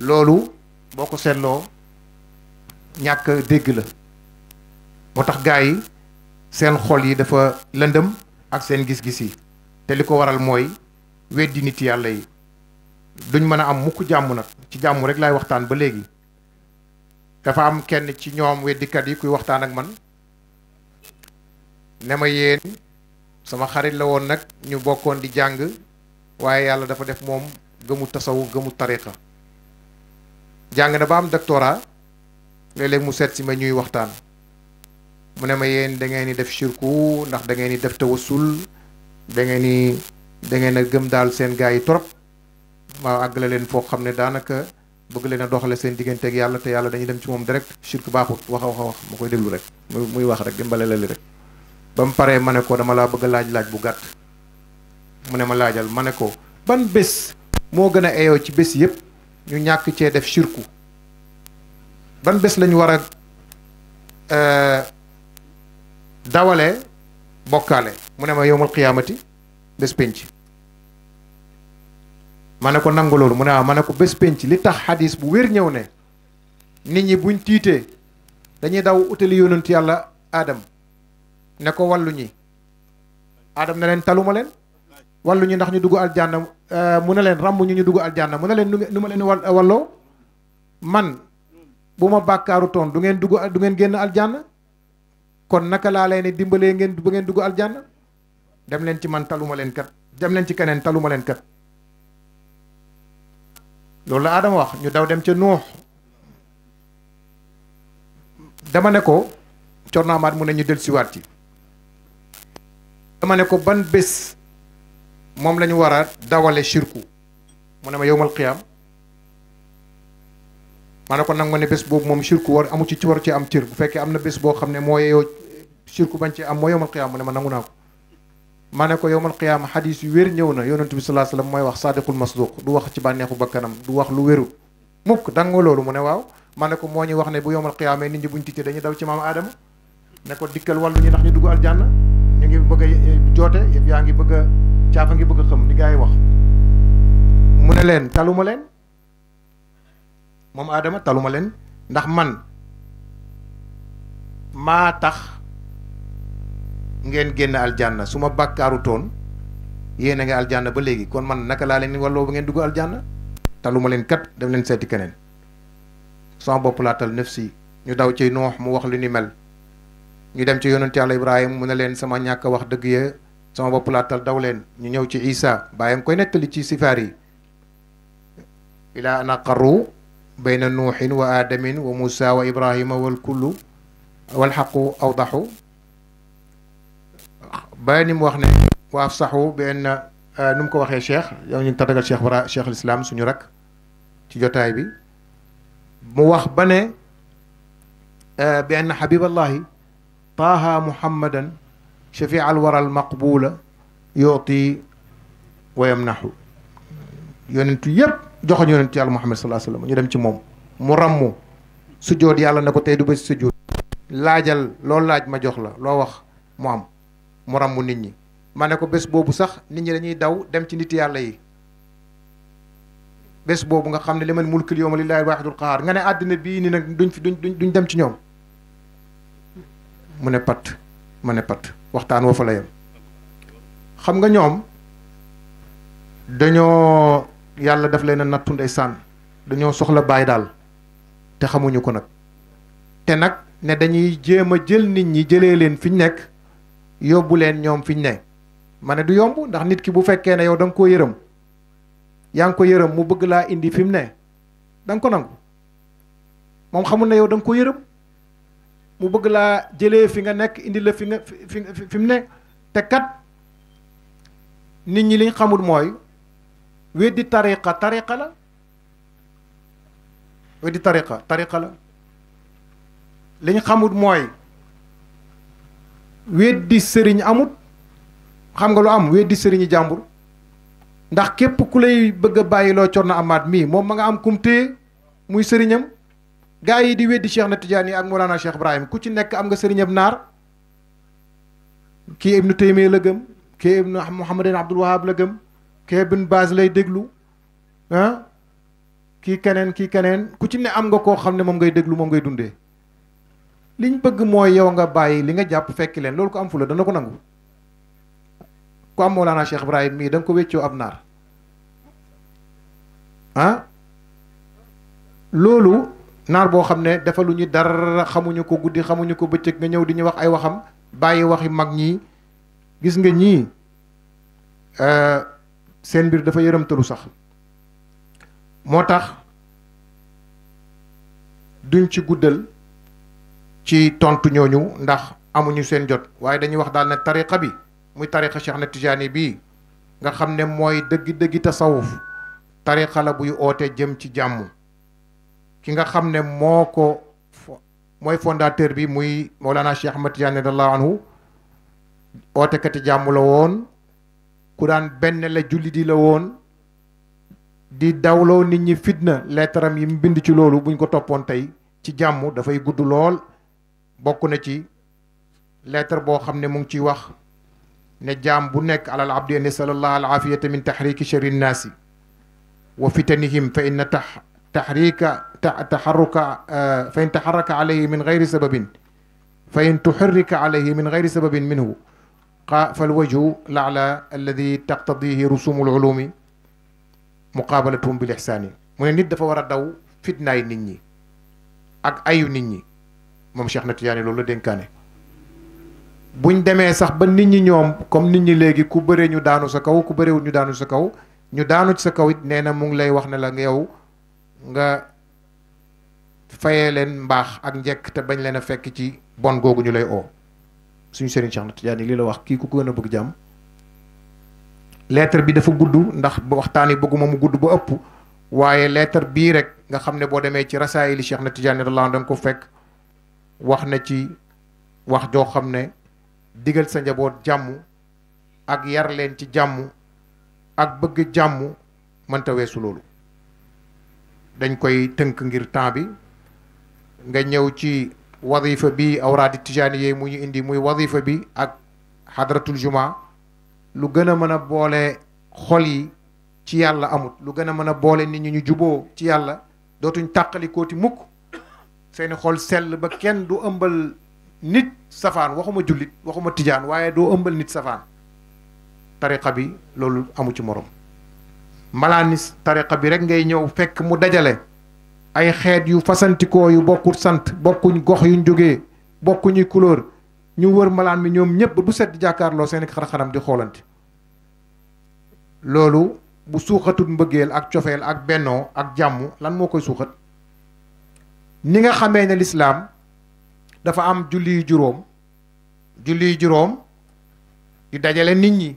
Speaker 1: loolu boo ko seetloo ñàkk dégg la moo tax gaa yi seen xol yi dafa lëndëm ak seen gis-gis yi te li ko waral mooy weddi nit yàlla yi duñ mën a am mukk jàmm nag ci jàmmu rek laay waxtaan ba léegi dafa am kenn ci ñoom weddikat yi kuy waxtaan ak man ne ma yéen sama xarit la woon nag ñu bokkoon di jàng waaye yàlla dafa def moom gëmu tasawu gëmu tariqa jàng na ba am doctorat léeg-léeg mu seet si ma ñuy waxtaan mu ne ma yéen da ngeen di def shirku ndax da ngeen di def tawassul da ngeen di da ngeen gëm daal seen gaa yi trop ma àggale leen foo xam ne daanaka bëgg leen a doxale seen digganteeg yàlla te yàlla dañuy dem ci moom direct shirk baaxut wax a wax a wax ma koy déglu rek muy muy wax rek dimbale la li rek ba mu paree ma ne ko dama laa bëgg laaj-laaj bu gàtt mu ne ma laajal ma ne ko ban bés moo gën a eyoo ci bés yépp ñu ñàkk cee def shirku ban bés lañu war a euh, dawale bokkaale mu ne ma yowmal xiyaamati bés penc ma ne ko nangu loolu mu ne waaw ma ne ko bés penc li tax xadis bu wér ñëw ne nit ñi buñ tiitee dañuy daw utali yonent yàlla aadam ne ko wàllu ñi aadam ne leen taluma leen wàllu ñi ndax ñu dugg aljanna eh, mu ne leen ràmm ñu ñu dugg aljanna mu ne leen nu ma leen walloo man bu ma bàkkaaru toon du ngeen dugg du ngeen génn aljanna kon naka laa leen dimbalee ngeen ba ngeen dugg aljanna dem leen ci man taluma leen kat dem leen ci keneen taluma leen kat loolu la Adama wax ñu daw dem ca nuux dama ne ko Cerno Amaat mu ne ñu del siwaat ci dama ne ko ban bés moom la ñu war a dawale shirku mu ne ma yowmal qiyaam ma ne ko nag ma ne bés boobu moom shirku war amu ci ci war ci am cër bu fekkee am na bés boo xam ne mooy yeyoo shirku bañ ci am moo yowmal qiyaam mu ne ma nangu naa ko ma ne ko yowmal qiyaama xadis yu wér ñëw na yonent bi salaa salaam mooy wax sadiqul masduq du wax ci bànneexu bakkanam du wax lu wérul mukk danga loolu mu ne waaw ma ko moo ñu wax ne bu yowmal qiyaamee nit ñi buñ tiitee dañuy daw ci maam aadama ne ko dikkal wàllu ñu ndax ñu dugg aljanna ñu ngi bëgg a eh, joote yëpp yaa ngi bëgg a ngi bëgg a xam ni gars yi wax mu ne leen taluma leen moom aadama taluma leen ndax man maa tax ngeen génn aljanna su ma bàkkaaru toon yéen a nga aljanna ba léegi kon man naka laa leen walloo ba ngeen dugg aljanna talu ma leen kat dem leen seeti keneen sama bopp laa tal nafsi ñu daw ci noox mu wax lu ni mel ñu dem ci yonent yàlla ibrahima mu ne leen sama ñàkk wax dëgg ya sama bopp laa tal daw leen ñu ñëw ci isaa isa bàyyam koy nettali ci sifaar yi ilaa na aqarru bayna nuuxin wa aadamin wa muusa wa ibrahima wal kullu walxaqu awdaxu bàyyi ni mu wax ne waa saxu benn euh, nu mu ko waxee cheikh yow ñu tatagal cheikh bara cheikh lislaam suñu rak ci jotaay bi mu wax ba ne euh, bi ann xabiballahi taaha muhammadan shafii al waral maqbula yuuti wa yamnahu yonentu yépp joxoñ yonentu yàlla muhammad salaa sallam dem ci moom mu rammu sujjoot yàlla na ko tey du bés sujjoot laajal loo laaj ma jox la loo wax mu am mu nit ñi ma ne ko bés boobu sax nit ñi dañuy daw dem ci nit yàlla yi bés boobu nga xam ne li man mulkul yawma lillaahi waaxidul xaar nga ne àddina bii ni nag duñ fi duñ duñ dem ci ñoom mu ne pat ma ne pat waxtaan woo fa la yem xam nga ñoom dañoo yàlla daf leen a nattu ndeysaan dañoo soxla bàyyi daal te xamuñu ko nag te nag ne dañuy jéem a jël nit ñi jëlee leen fi ñu nekk yóbbu leen ñoom fi ñu ne ma ne du yomb ndax nit ki bu fekkee ne yow da nga koo yërëm yaa ngi ko yërëm mu bëgg laa indi fi mu ne da nga ko nangu moom xamul na yow danga nga ko yërëm mu bëgg laa jëlee fi nga nekk indi la fi nga fi mu ne te kat nit ñi liñ xamul mooy weddi tariqa tariqa la weddi tariqa tariqa la liñ xamul mooy weddi sëriñ amut xam nga lu am weddi sëriñi jàmbur ndax képp ku lay bëgg a bàyyiloo na Amaat mii moom ma nga am kum muy sëriñam gaa yi di weddi Cheikh na Tidiane ak Mawlana Cheikh Ibrahim ku ci nekk am nga sëriñam naar kii ibnu Taymiya la gëm kii ibnu Muhammadin Abdul Wahab la gëm kii ibnu Baaz lay déglu ah kii keneen kii keneen ku ci ne am nga koo xam ne moom ngay déglu moom ngay dundee liñ bëgg mooy yow nga bàyyi li nga jàpp fekki leen loolu ko am fula dana ko nangu ku am Mawlana Cheikh Ibrahim mii da ko wéccoo ab naar ah loolu naar boo xam ne dafa lu ñu dara xamuñu ko guddi xamuñu ko bëccëg nga ñëw di ñu wax ay waxam bàyyi waxi mag ñii gis nga ñii euh, seen mbir dafa yërëmtalu sax moo tax duñ ci guddal ci tontu ñooñu ndax amuñu seen jot waaye dañuy wax daal ne tariqa bi muy tariqa Cheikh na Tijaani bii nga xam ne mooy dëgg-dëggi tasawuf tariqa la buy oote jëm ci jàmm ki nga xam ne moo ko mooy fondateur bi muy Mawlana Cheikh Ahmad Tijaani radiyallahu anhu ootekati jàmm la woon ku daan benn la julli di la woon di dawloo nit ñi fitna leetaram yi mu bind ci loolu buñ ko toppoon tey ci jàmm dafay gudd lool bokk na ci lettre boo xam ne mu ngi ciy wax ne jaam bu nekk alal abdi an salallah al afiyata min tahriki shari nnaasi wa fitanihim fa inna ta tahrika taxarruka uh, fa in taxaraka alayhi min gayri sababin fa in tuxarrika alayhi min gayri sababin minhu a falwajhu laala alladi taqtadihi rusumul ulumi muqaabalatuhum bil ixsaani mu ne nit dafa war a daw fitnaay nit ñi ak ayu nit ñi moom Cheikh na Tidiane loolu la dénkaane buñ demee sax ba nit ñi ñoom comme nit ñi léegi ku bëree ñu daanu sa kaw ku bëreewul ñu daanu sa kaw ñu daanu ci sa kaw it nee na mu ngi lay wax ne la nga yow nga fayee leen mbaax ak njekk te bañ leen a fekk ci bon googu ñu lay oo suñu sëriñ Cheikh na Tidiane li la wax kii ku ko gën a bëgg jàmm lettre bi dafa gudd ndax waxtaan yi bëgguma mu gudd ba ëpp waaye lettre bii rek nga xam ne boo demee ci rasaayili Cheikh na Tidiane radiyallahu anhu da nga fekk wax na ci wax joo xam ne digal sa njaboot jàmm ak yar leen ci jàmm ak bëgg jàmm mënta weesu loolu dañ koy tënk ngir temps bi nga ñëw ci wadifa bi awraadi tijaani yee mu ñu indi muy wadifa bi ak xadratul juma lu gën a mën a boole xol yi ci yàlla amut lu gën a mën a boole nit ñi ñu juboo ci yàlla dootuñ tàqali kooti mukk seeni xol sell ba kenn du ëmbal nit safaan waxuma jullit waxuma tijaan waaye doo ëmbal nit safaan tariqa bi loolu amu ci moroom malaani tariqa bi rek ngay ñëw fekk mu dajale ay xeet yu fasantikoo yu bokkul sant bokkuñu gox yuñ jógee bokkuñu couleur ñu wër malaan mi ñoom ñëpp du sedd jàkkaarloo seen xar-xaram di xoolante loolu bu suuxatul mbëggeel ak cofeel ak bennoo ak jàmm lan moo koy suuxat ni nga xamee ne lislaam dafa am julli juróom julli juróom di dajale nit ñi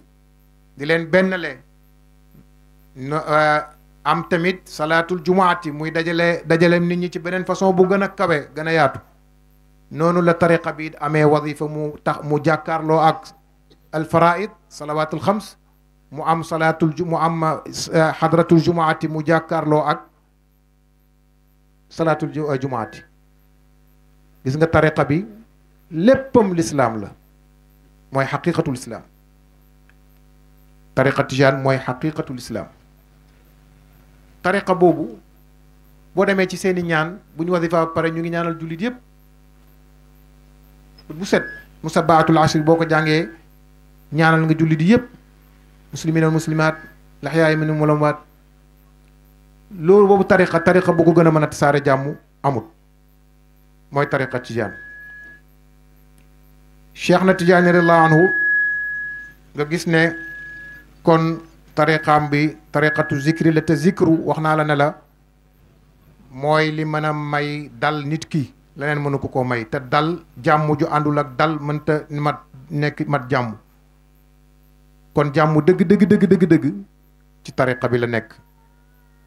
Speaker 1: di leen bennale eh, am tamit salaatul jumaati muy dajale dajale nit ñi ci beneen façon bu gën a kawe gën a yaatu noonu la tariqa bi amee wadifa mu tax mu jàkkaarloo ak alfaraid salawaatul xams mu am salaatul mu am xadratul eh, jumaati mu jàkkaarloo ak salaatul eh, jumaati gis nga tariqa bi léppam lislaam la mooy xaqiqatul islaam tariqa tijaan mooy xaqiqatul islaam tariqa boobu boo demee ci seeni ñaan bu ñu wasifa pare ñu ngi ñaanal jullit yépp bu set musabaatul asri boo ko jàngee ñaanal nga jullit yépp muslimina muslimaat laxyaay minum walamwaat loolu boobu tariqa tariqa bu ko gën a mën a tasaare jàmm amul mooy tariqa tijaan cheikh na tijaani radiallahu nga gis ne kon tariqaam bi tariqatu zikri la te zikru wax naa la ne la mooy li mën a may dal nit ki leneen mënu ko koo may te dal jàmm ju àndul ak dal mënta mat nekk mat jàmm kon jàmm dëgg dëgg dëgg dëgg dëgg ci tariqa bi la nekk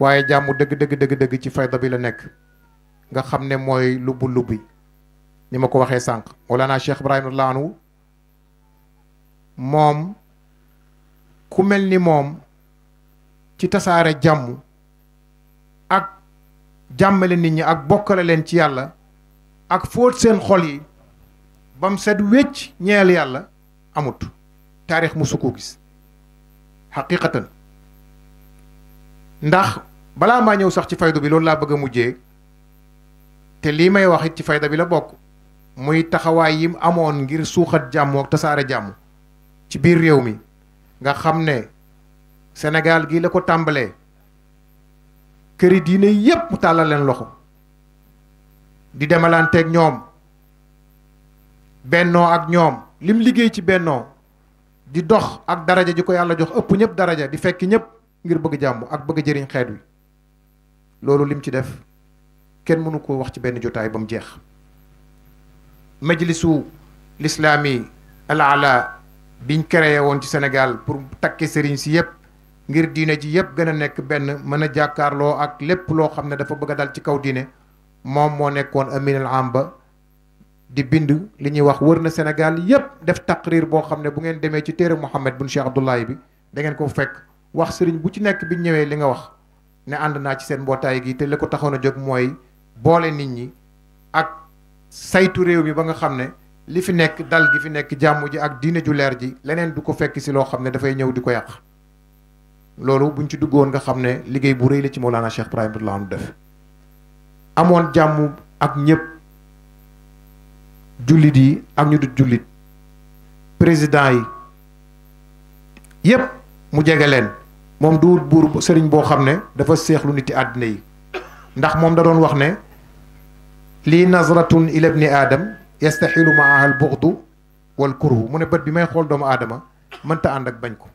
Speaker 1: waaye jàmm dëgg dëgg dëgg ci fayda bi la nekk nga xam ne mooy lubbu lubbi ni ma ko waxee sànq Mawlana Cheikh Ibrahim radiyallahu anhu moom ku mel ni moom ci tasaare jàmm ak jàmmale nit ñi ak bokkale leen ci yàlla ak fóot seen xol yi bam set wécc ñeel yàlla amut taarix musu ko gis xaqiqatan ndax balaa maa ñëw sax ci faydu bi loolu laa bëgg a mujjee te lii may wax ci fayda bi la bokk muy taxawaay yim amoon ngir suuxat jàmm ak tasaare jàmm ci biir réew mi nga xam ne senegal gi la ko tàmbalee yi diine yépp mu tàllal leen loxo di demalanteeg ñoom bennoo ak ñoom lim liggéey ci bennoo di dox ak daraja ji ko yàlla jox ëpp ñëpp daraja di fekk ñëpp ngir bëgg jàmm ak bëgg jëriñ xeet wi loolu lim ci def kenn mënu ko wax ci benn jotaay ba mu jeex majlisu l'islaami al ala biñ créé woon ci senegal pour takkee sëriñ si yëpp ngir diine ji yëpp gën a nekk benn mën a jàkkaarloo ak lépp loo xam ne dafa bëgg a dal ci kaw diine moom moo nekkoon aminal am ba di bind li ñuy wax wër na senegal yëpp def taqrir boo xam ne bu ngeen demee ci téere Mouhamed bun Cheikh Abdoulaye bi da ngeen ko fekk wax sëriñ bu ci nekk biñ ñëwee li nga wax ne ànd naa ci seen mbootaay gi te li ko taxoon a jóg mooy boole nit ñi ak saytu réew mi ba nga xam ne li fi nekk dal gi fi nekk jàmm ji ak diine ju leer ji leneen du ko fekk si loo xam ne dafay ñëw di ko yàq loolu buñ ci duggoon nga xam ne liggéey bu rëy la ci Mawlana Cheikh Ibrahim radiyallahu anhu def amoon jàmm ak ñépp jullit yi ak ñu du jullit président yi yépp mu jege leen moom du buur sëriñ boo xam ne dafa seexlu nit yi àddina yi ndax moom da doon wax ne lii nazratun ila ibni aadam yastaxilu maaha al buxdu wal kurhu mu ne bët bi may xool doomu aadama mënta ànd ak bañ ko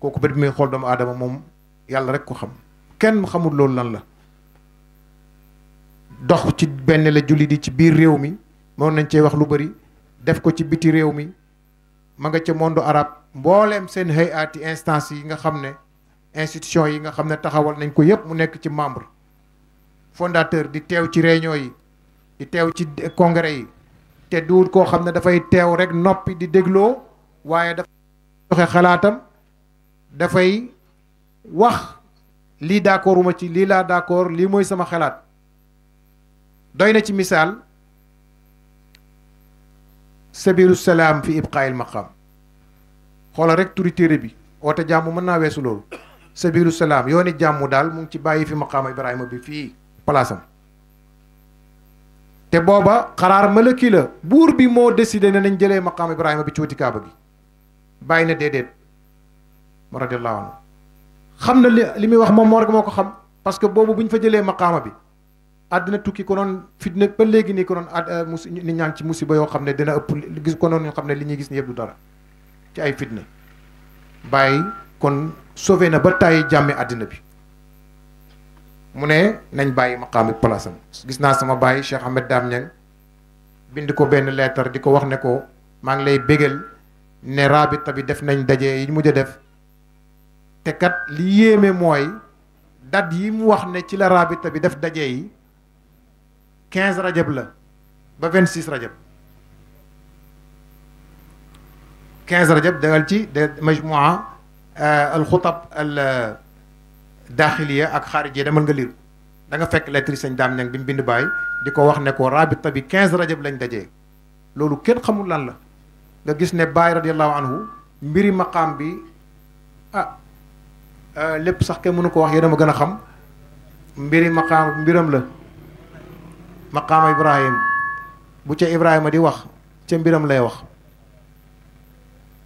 Speaker 1: kooku bët bi may xool doomu aadama moom yàlla rek ko xam kenn xamul loolu lan la dox ci benn la julli di ci biir réew mi moom nañ cee wax lu bari def ko ci biti réew mi ma nga ca monde arabe mbooleem seen hayati instance yi nga xam ne institution yi nga xam ne taxawal nañ ko yépp mu nekk ci membre fondateur di teew ci réunion yi di teew ci congrès yi te duut koo xam ne dafay teew rek noppi di dégloo waaye dafa joxe xalaatam dafay wax lii d'accorduma ci lii laa d'accord lii mooy sama xalaat doy na ci misaal sabiru salaam fi ibqaayil maqaam xoola rek turi téere bi oote jàmm mën naa weesu loolu sabiru salaam yooni jàmm daal mu ngi ci bàyyi fi maqaama ibrahima bi fii palaasam te booba xaraar malaki la buur bi moo décidé ne nañ jëlee maqaama ibrahima bi ci wati kaaba gi bàyyi na déedéet ma radiallahu xam na li li muy wax moom moo rek moo ko xam parce que boobu bu ñu fa jëlee makaama bi àddina tukki konoon fitna ba léegi nii konoon ad ni euh, ñaa ngi ci musiba yoo xam ne dina ëpp gis konoon yoo xam ne li ñuy gis ni yëpp dara ci ay fitna bàyyi kon sauvé na ba tàyyi jàmme àddina bi mu ne nañ bàyyi maqaam bi gis naa sama bàyyi Cheikh Ahmed Dame Niang bind ko benn leetar di ko wax ne ko maa ngi lay bégal ne rabita bi def nañ daje yi mujj a def te kat li yéeme mooy dat yi mu wax ne ci la rabita bi def daje yi quinze rajab la ba vingt six rajab quinze rajab ci de majmua euh, alxutab al daaxiliya ak xaarijiya demal nga liir da nga fekk lettre sëñ daam ñang bi mu bind bàyyi di ko wax ne ko rabita bi quinze rajab lañ dajee loolu kenn xamul lan la nga gis ne bàyyi radiallahu anhu mbiri maqaam bi ah euh, lépp sax kenn mënu ko wax yéen a gën a xam mbiri maqaam mbiram la maqaama ibrahim bu ca ibrahima di wax ca mbiram lay wax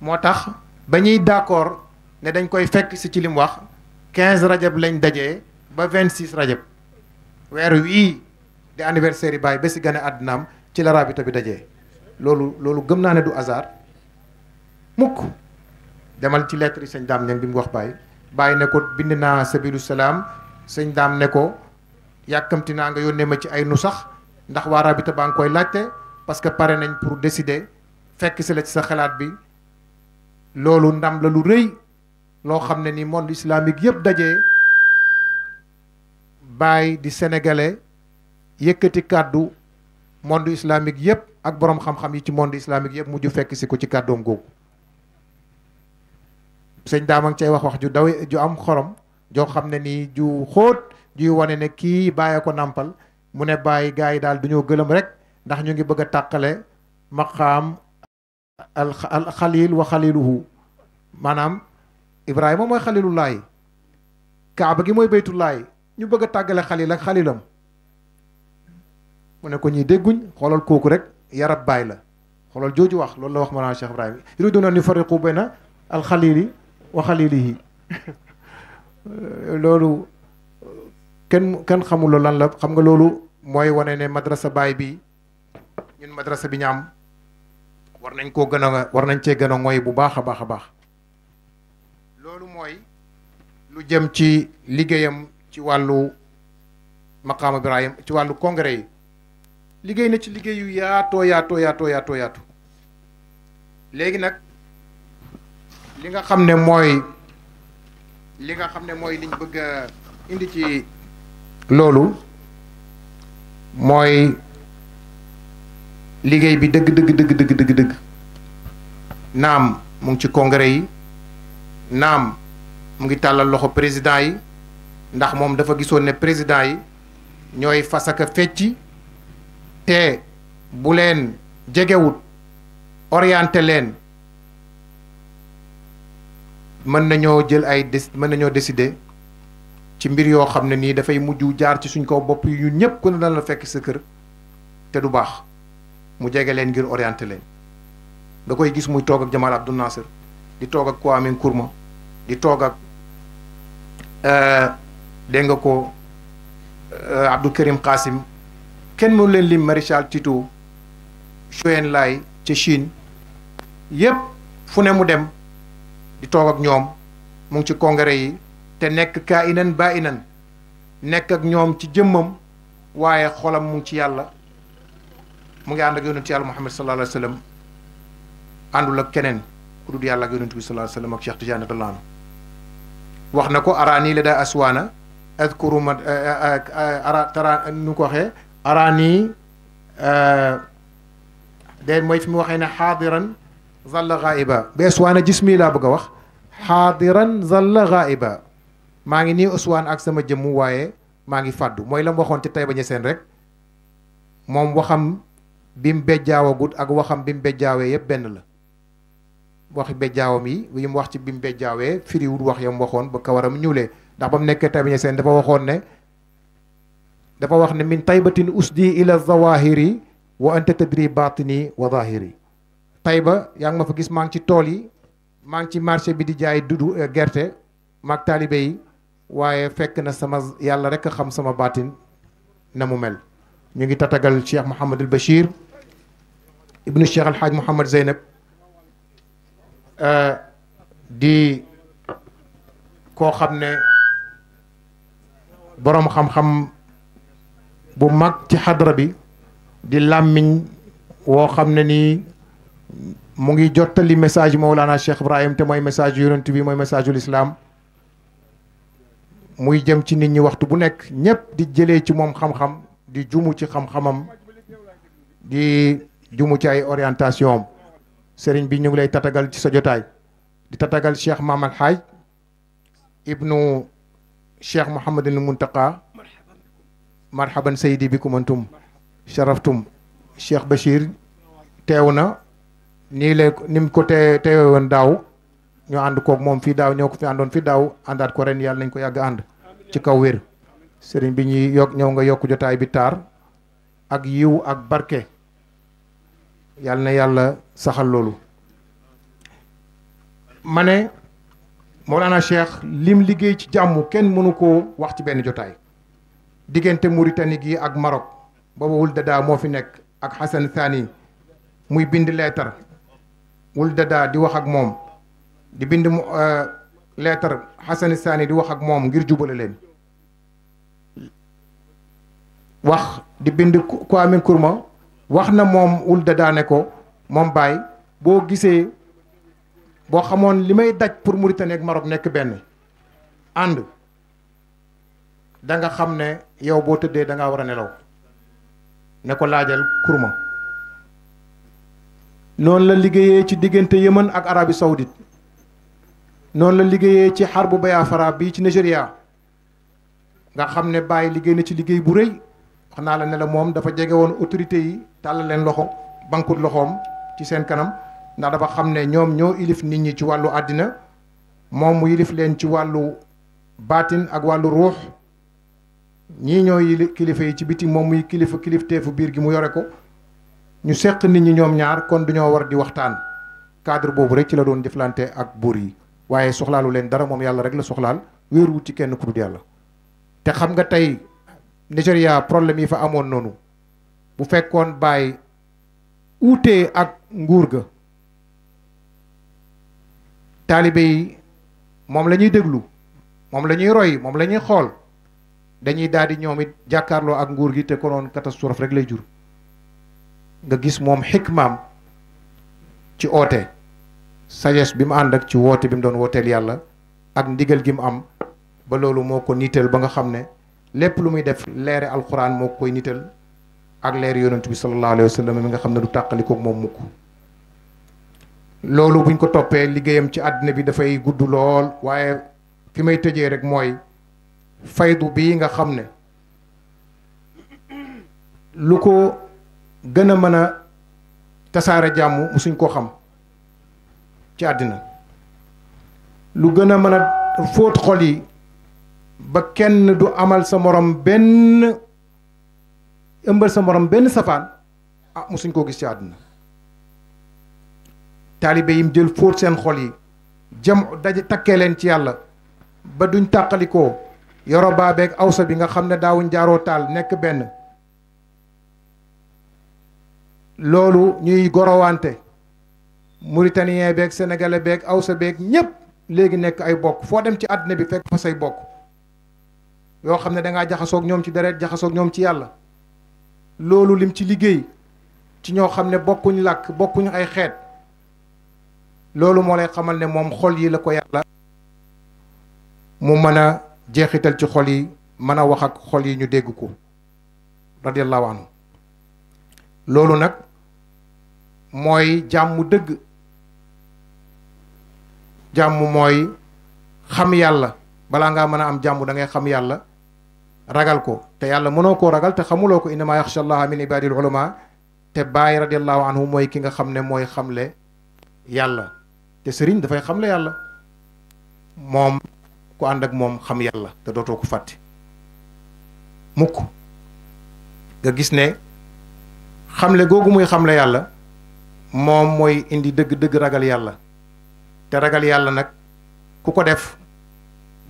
Speaker 1: moo tax ba ñuy d'accord ne dañ koy fekk si ci lim wax quinze rajab lañ daje ba vingt six rajab weeru wii di anniversaire yi baay ba si gane àddinaam ci la rabita bi daje loolu loolu gëm naa ne du hasard mukk demal ci lettre yi sëñ daam ñang bi mu wax bàyyi bàyyi ne ko bind naa sabilu salaam sëñ daam ne ko yàkkamti naa nga yónnee ma ci ay nu sax ndax waa Rabita baa ngi koy laajte parce que pare nañ pour décider fekk si la ci sa xalaat bi loolu ndam la lu rëy loo xam ne ni monde islamique yëpp daje Baye di sénégalais yëkkati kàddu monde islamique yëpp ak boroom xam-xam yi ci monde islamique yëpp ju fekk si ko ci kàddoom googu sëñ daama ngi cay wax wax ju daw ju am xorom joo xam ne nii ju xóot juy wane ne kii bàyyee ko nàmpal mu ne bàyyi gaa yi daal duñoo gëlëm rek ndax ñu ngi bëgg a tàqale maqaam al xalil wa xaliluhu maanaam ibrahima mooy xalilullaahi kaaba gi mooy baytullaahi ñu bëgg a tàggale xalil ak xalilam mu ne ko ñuy dégguñ xoolal kooku rek yarab baay la xoolal jooju wax loolu la wax maanaam Cheikh Ibrahima yuriduna an na bayna alxalili wa xalilihi loolu kenn kenn xamul lan la xam nga loolu mooy wane ne madrasa baay bi ñun madrasa bi ñu am war nañ koo gën a war nañ cee gën a mooy bu baax a baax a baax loolu mooy lu jëm ci liggéeyam ci wàllu maqaam Ibrahim ci wàllu congrès yi liggéey na ci liggéey yu yaatoo yaatoo yaatoo yaatoo yaatu léegi nag li nga xam ne mooy li nga xam ne mooy liñ bëgg a indi ci loolu mooy liggéey bi dëgg dëgg dëgg dëgg naam mu ngi ci congrès yi naam mu ngi tàllal loxo président yi ndax moom dafa gisoon ne président yi ñooy fasaka fecci te bu leen jegewut orienté leen mën nañoo jël ay dés mën nañoo décider ci mbir yoo xam ne nii dafay mujj jaar ci suñ kaw bopp yi ñun ñëpp ku ne dana la fekk sa kër te du baax mu jege leen ngir orienté leen da koy gis muy toog ak Jamal Abdou Nasser di toog ak ko amee Nkrumah di toog ak euh, dégg nga ko euh, Abdou Karim Qasim kenn mënu leen lim maréchal Tito Choenlai ci Chine yëpp fu ne mu dem di toog ak ñoom mu ngi ci congrès yi. te nekk kaa inan baa inan nekk ak ñoom ci jëmmam waaye xolam mu ci yàlla mu ngi ànd ak yonent yàlla muhammad sallallahu alayhi wa sallam ak keneen ku dul yàlla ak yonent bi sallallahu alayhi wa sallam wax na ko araani la daa aswaana adkuru ma eh, eh, eh, ara tara nu ko waxee araani de mooy fi mu waxee ne xaadiran zalla gaaiba bi aswaana jismi laa bëgg a wax xaadiran zalla gaaiba maa ngi nii Ousmane ak sama jëmm waaye maa ngi fàddu mooy la mu waxoon ci Taïba Niassène rek moom waxam bi mu bejjaawagut ak waxam bi mu bejjaawee yëpp benn la waxi bejjaawam yi yi mu wax ci bi mu bejjaawee firiwut wax yam waxoon ba kawaram ñuulee ndax ba mu nekkee Taïba Niassène dafa waxoon ne dafa wax ne min taybatin usdi ila zawahiri wa anta tadri batini wa zahiri Taïba yaa ngi ma fa gis maa ngi ci tool yi maa ngi ci marché bi di jaay dudu eh, gerte maag taalibe yi waaye fekk na sama yàlla rek a xam sama baatin na mu mel ñu ngi tatagal Cheikh Mouhamadul Bachir ibnu Cheikh Alhaaj Mouhamad Zeynab euh, di koo xam ne boroom xam-xam bu mag ci xadra bi di làmmiñ woo xam ne nii mu ngi jottali message Mawlana Cheikh Ibrahim te mooy message yonent bi mooy message ul islam muy jëm ci nit ñi waxtu bu nekk ñëpp di jëlee ci moom xam-xam di jumu ci xam di jumu ci ay orientation am bi ñu ngi lay tatagal ci sa jotaay di tatagal cheikh Mamal Haaj ibnu cheikh Mouhamadul Muntaqa marhaban saydi bi antum sharaftum cheikh Bachir teew na nii la ni mu ko te teewe woon daaw ñu ànd koog moom fii daaw ñoo ko fi àndoon fii daaw àndaat ko ren yàlla nañ ko yàgg ànd ci kaw wér sëriñ bi ñuy yokk ñëw nga yokk jotaay bi taar ak yiw ak barke yàlla na yàlla saxal loolu ma ne Mawlana Cheikh lim liggéey ci jàmm kenn mënu koo wax ci benn jotaay diggante Mauritanie yi ak Maroc booba wul dadaa moo fi nekk ak Hassan Thani muy bind leetar wul dadaa di wax ak moom di bind mu euh, leetar Xasan Saani di wax ak moom ngir jubale leen wax di bind Kwame Nkrumah wax na moom Wulda daane ko moom baay boo gisee boo xamoon li may daj pour Mauritanie ak Maroc nekk benn ànd danga xam ne yow boo tëddee da ngaa war a nelaw ne ko laajal Nkrumah noonu la liggéeyee ci diggante Yémen ak Arabie Saoudite noonu la liggéeyee ci xar bu Biafra bii ci Nigeria nga xam ne bàyyi liggéey na ci liggéey bu rëy wax naa la ne la moom dafa jege woon autorité yi tàllal leen loxo bankut loxoom ci seen kanam ndax dafa xam ne ñoom ñoo ilif nit ñi ci wàllu àddina moom mu yilif leen ci wàllu baatin ak wàllu ruux ñii ñooy kilifa yi ci biti moom muy kilifa kilifteefu biir gi mu yore ko ñu seq nit ñi ñoom ñaar kon duñoo war di waxtaan cadre boobu rek ci la doon jëflante ak buur yi. waaye soxlaalu leen dara moom yàlla rek la soxlaal wéeruwul ci kenn ku yàlla te xam nga tey Nigéria problème yi fa amoon noonu bu fekkoon bàyyi uutee ak nguur ga taalibe yi moom la ñuy déglu moom la ñuy roy moom lañuy xool dañuy daal di ñoom it jàkkaarloo ak nguur gi te konoon catastrophe rek lay jur nga gis moom xikmaam ci oote sagesse bi mu ànd ak ci woote bi mu doon wooteel yàlla ak ndigal gi mu am ba loolu moo ko niital ba nga xam ne lépp lu muy def leere alxuraan moo koy niital ak leer yonent bi sallallahu nga xam ne du tàqalikoog moom mukk loolu buñ ko toppee liggéeyam ci àddina bi dafay gudd lool waaye fi may tëjee rek mooy faydu bi nga xam ne lu ko gën a mën a tasaare jàmm suñ koo xam ci àddina lu gën a mën a fóot xol yi ba kenn du amal sa morom benn ëmbal sa morom benn safaan ah mosuñ koo gis ci àddina taalibe yim jël fóot seen xol yi jam daje takkee leen ci yàlla ba duñ tàqalikoo yoro baabeeg bi nga xam ne daawuñ jaaroo taal nekk benn loolu ñuy gorowante mauritanien beeg sénégalais beeg awsa beeg ñëpp léegi nekk ay bokk foo dem ci àddina bi fekk fa say bokk yoo xam ne da jaxasook ñoom ci deret jaxasoog ñoom ci yàlla loolu lim ci liggéey ci ñoo xam ne bokkuñ làkk bokkuñu ay xeet loolu moo lay xamal ne moom xol yi la ko yàlla mu mën a jeexital ci xol yi mën a wax ak xol yi ñu dégg ko radiyallahu anhu loolu nag mooy jàmm dëgg jàmm mooy xam yàlla balaa ngaa mën a am jàmm dangay xam yàlla ragal ko te yàlla mënoo ko ragal te xamuloo ko innama yaxsha allaha min ibadil ulama te bàyyi radiallahu anhu mooy ki nga xam ne mooy xamle yàlla te sëriñ dafay xamle yàlla moom ku ànd ak moom xam yàlla te dootoo ko fàtte mukk nga gis ne xamle googu muy xamle yàlla moom mooy indi dëgg-dëgg ragal yàlla te ragal yàlla nag ku ko def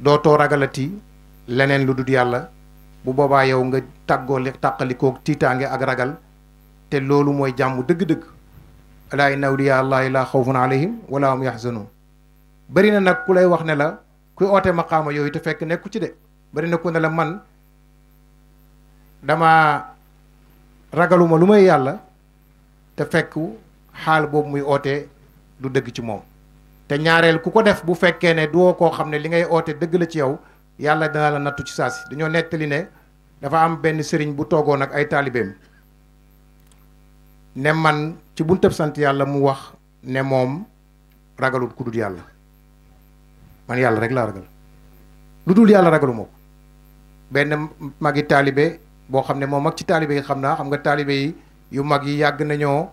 Speaker 1: dootoo ragalati leneen lu du yàlla bu boobaa yow nga tàggoo li tàqalikoog tiitaange ak ragal te loolu mooy jàmm dëgg-dëgg alaa inna awliyaa allaahi laa xawfun alayhim wala am yaxzanuun bëri na nag ku lay wax ne la ku oote maqaama yooyu te fekk nekku ci de bëri na ku ne la man dama ragaluma lu may yàlla te fekk xaal boobu muy oote du dëgg ci moom ñaareel ku ko def bu fekkee ne duwoo koo xam ne li ngay oote dëgg la ci yow yàlla dana la nattu ci saasi dañoo nettali ne dafa am benn sëriñ bu toogoon ak ay taalibeem ne man ci buntab sant yàlla mu wax ne moom ragalut ku dul yàlla man yàlla rek laa ragal lu dul yàlla ragalu moo ko benn magi taalibe boo xam ne moom mag ci taalibe yi xam naa xam nga taalibe yi yu mag yi yàgg nañoo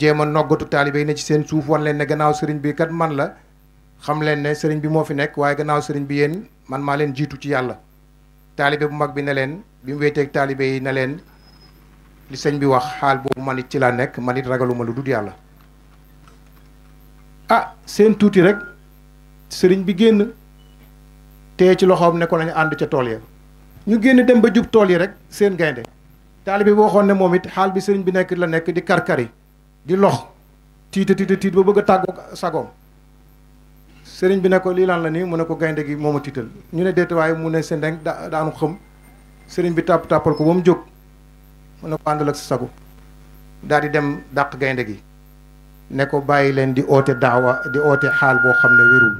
Speaker 1: jéem a noggatu taalibe yi ne ci seen suuf wan leen ne gannaaw sëriñ bi kat man la xam leen ne sëriñ bi moo fi nekk waaye gannaaw sëriñ bi yéen man maa leen jiitu ci yàlla taalibe bu mag bi ne leen bi mu wéeteeg taalibe yi ne leen li sëñ bi wax xaal boobu man ci laa nekk man it ragaluma lu dul yàlla ah seen tuuti rek sëriñ bi génn teye ci loxoom nekkoon ko nañu ànd ca tool ya ñu génn dem ba jub tool yi rek seen gaynde taalibe bi waxoon ne moom it xaal bi sëriñ bi nekk la nekk di karkari di lox tiita tiita tiit ba bëgg a tàggoog sagoom sëriñ bi ne ko lii lan la nii mu ne ko gaynde gi moom a tiital ñu ne déet waaye mu ne sa ndeng da daanu xëm sëriñ bi tàpp tàppal ko ba mu jóg mu ne ko àndal ak sa sago daal di dem dàq gaynde gi ne ko bàyyi leen di oote daawa di oote xaal boo xam ne wérul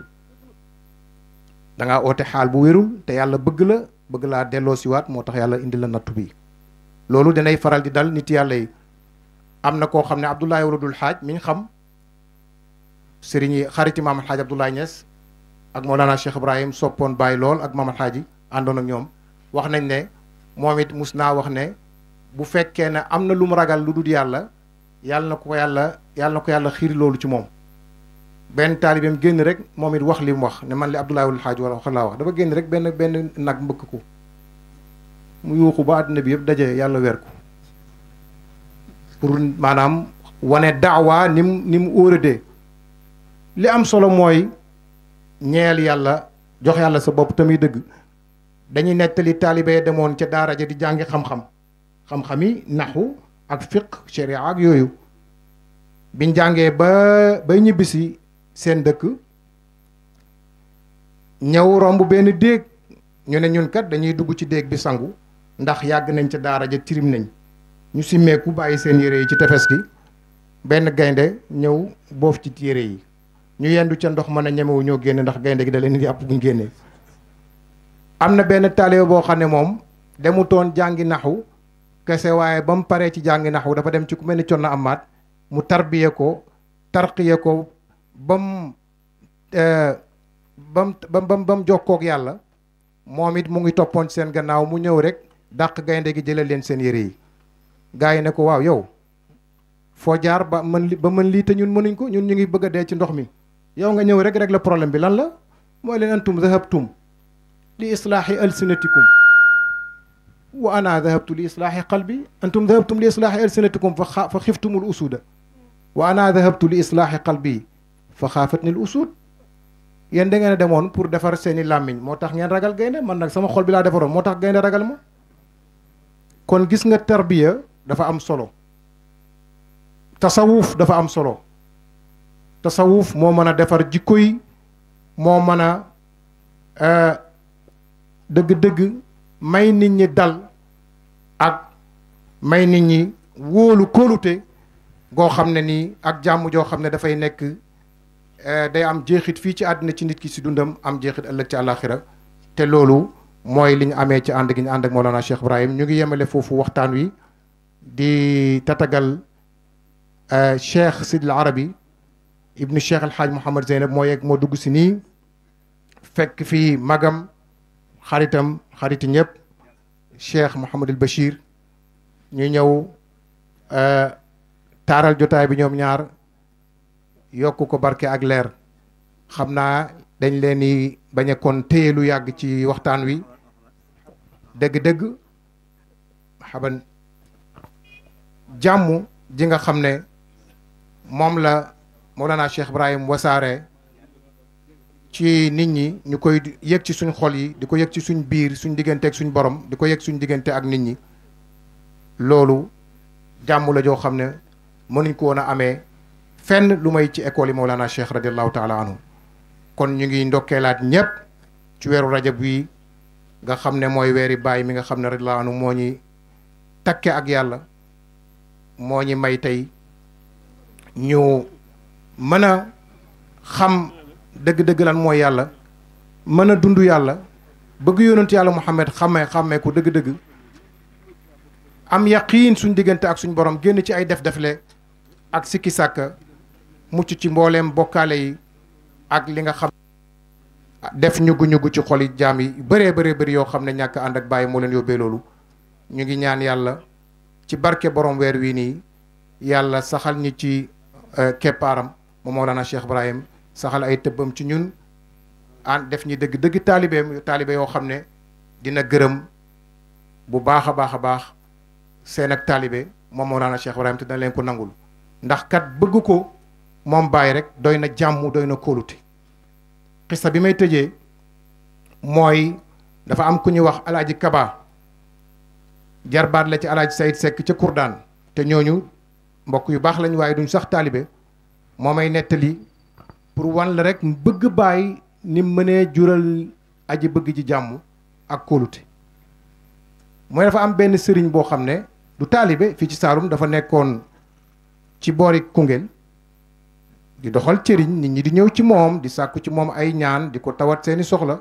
Speaker 1: da ngaa oote xaal bu wérul te yàlla bëgg la bëgg laa delloo siwaat moo tax yàlla indi la nattu bi loolu danay faral di dal nit yàlla yi am na koo xam ne Abdoulaye dul xaaj mi ñu xam sëriñ xariti maam alxaaji Abdoulaye Niass ak moo Mawlana Cheikh Ibrahim soppoon bàyyi lool ak maam alxaaji àndoon ak ñoom wax nañ ne moom it mus naa wax ne bu fekkee ne am na lu mu ragal lu dul yàlla yàlla na ko yàlla yàlla ko yàlla xiir loolu ci moom benn taalibeem génn rek moom it wax li mu wax ne man li Abdoulaye waladul xaaj wala wax laa wax dafa génn rek benn benn nag mbëkk ko mu yuuxu ba àddina bi yëpp daje yàlla weer pour maanaam wane daawa ni mu ni mu óoradee li am solo mooy ñeel yàlla jox yàlla sa bopp tamit dëgg dañuy nettali taalibe demoon ca daara ja di jàngi xam-xam xam-xam yi naxu ak fiq sharia ak yooyu biñ jàngee ba ba ñibbisi seen dëkk ñëw romb benn déeg ñu ne ñun kat dañuy dugg ci déeg bi sangu ndax yàgg nañ ca daara ja tirim nañ ñu simmee ku bàyyi seen yére yi ci tefes gi benn gaynde ñëw boof ci yére yi ñu yendu ca ndox ma a ñemewu ñoo génne ndax gaynde gi da leen yàpp buñ génnee am na benn taalibe boo xam ne moom demu toon jàngi naxu kese waaye ba mu paree ci jàngi naxu dafa dem ci ku mel ni conna amaat mu tarbiye ko tarqiye ko ba mu bam euh, bam ba mu jokkoog yàlla moom it mu ngi toppoon seen gannaaw mu ñëw rek dàq gaynde gi jëlal leen seen yére yi gars yi ne ko waaw yow foo jaar ba mën li ba mën lii te ñun mënuñ ko ñun ñu ngi bëgg a dee ci ndox mi yow nga ñëw rek rek la problème bi lan la mooy leen antum zahabtum li islaahi alsinatikum wa ana zahabtu li islaahi qalbi antum zahabtum li islaahi alsinatikum fa fa xiftumul usuuda wa ana zahabtu li islaahi qalbi fa xaafatni l usuud yen da ngeen demoon pour defar seeni làmmiñ moo tax ngeen ragal gaynde man nag sama xol bi laa defaroon moo tax gaynde ragal ma kon gis nga tarbiya dafa am solo tasawuf dafa am solo tasawuf moo mën a defar jikkoy moo mën a euh, dëgg-dëgg may nit ñi dal ak may nit ñi wóolu kóolute goo xam ne nii ak jàmm joo xam ne dafay nekk euh, day am jeexit fii ci àddina ci nit ki si dundam am jeexit ëllëg ci àllaaxira te loolu mooy li ñu amee ci ànd gi ñu ànd ak Mawlana Cheikh Ibrahim ñu ngi yemale foofu waxtaan wi di tatagal euh, cheikh sidil arabi ibnu cheikh alhaaj mouhamad zeynab moo yegg moo dugg si nii fekk fii magam xaritam xariti ñëpp cheikh mouhamadul bachir ñu ñëw euh, taaral jotaay bi ñoom ñaar yokku ko barke ak leer xam naa dañ leen di bañ kon téye lu yàgg ci waxtaan wi dëgg-dëgg jàmm ji nga xam ne moom la Mawlana Cheikh Ibrahim wasaare ci nit ñi ñu koy yëg ci suñ xol yi di ko yëg ci suñ biir suñ diggante ak suñ borom di ko yëg suñ diggante ak nit ñi loolu jàmm la joo xam ne mënuñ ko woon a amee fenn lu may ci école yi Mawlana Cheikh radiallahu taala anhu kon ñu ngi laat ñëpp ci weeru rajab wi nga xam ne mooy weeri bàyyi mi nga xam ne radiallahu anhu moo ñuy takkee ak yàlla moo ñi may tey ñu mën a xam dëgg-dëgg lan mooy yàlla mën a dund yàlla bëgg yonent yàlla Muhammad xàmmee xàmmee ko dëgg-dëgg am yaqiin suñ diggante ak suñ borom génn ci ay def-defle ak sikki sàkka mucc ci mbooleem bokkaale yi ak li nga xam def ñugu-ñugu ci xoli jaam yi bëree bëree bëri yoo xam ne ñàkk ànd ak bàyyi moo leen yóbbee loolu ñu ngi ñaan yàlla ci barke borom weer wii nii yàlla saxal ñu ci euh, keppaaram moom Mawlana Cheikh Ibrahim saxal ay tëbbam ci ñun an def ñi dëgg dëgg taalibeem taalibe yoo xam ne dina gërëm bu baax a baax a baax seen ak taalibe moom Mawlana Cheikh Ibrahim te dina leen ko nangul ndax kat bëgg ko moom bàyyi rek doy na jàmm doy na kóolute xista bi may tëjee mooy dafa am ku ñuy wax alaaj Kaba jarbaat la ci alaaj Sayid sekk ca Kurdaan te ñooñu mbokk yu baax lañu waaye duñ sax taalibe moo may nettali pour wan la mu bëgg bàyyi ni mënee jural aji bëgg ji jàmm ak kóolute mooy dafa am benn sëriñ boo xam ne du taalibe fii ci Saalum dafa nekkoon ci boori Koungheul di doxal cëriñ nit ñi di ñëw ci moom di sàkku ci moom ay ñaan di ko tawat seeni soxla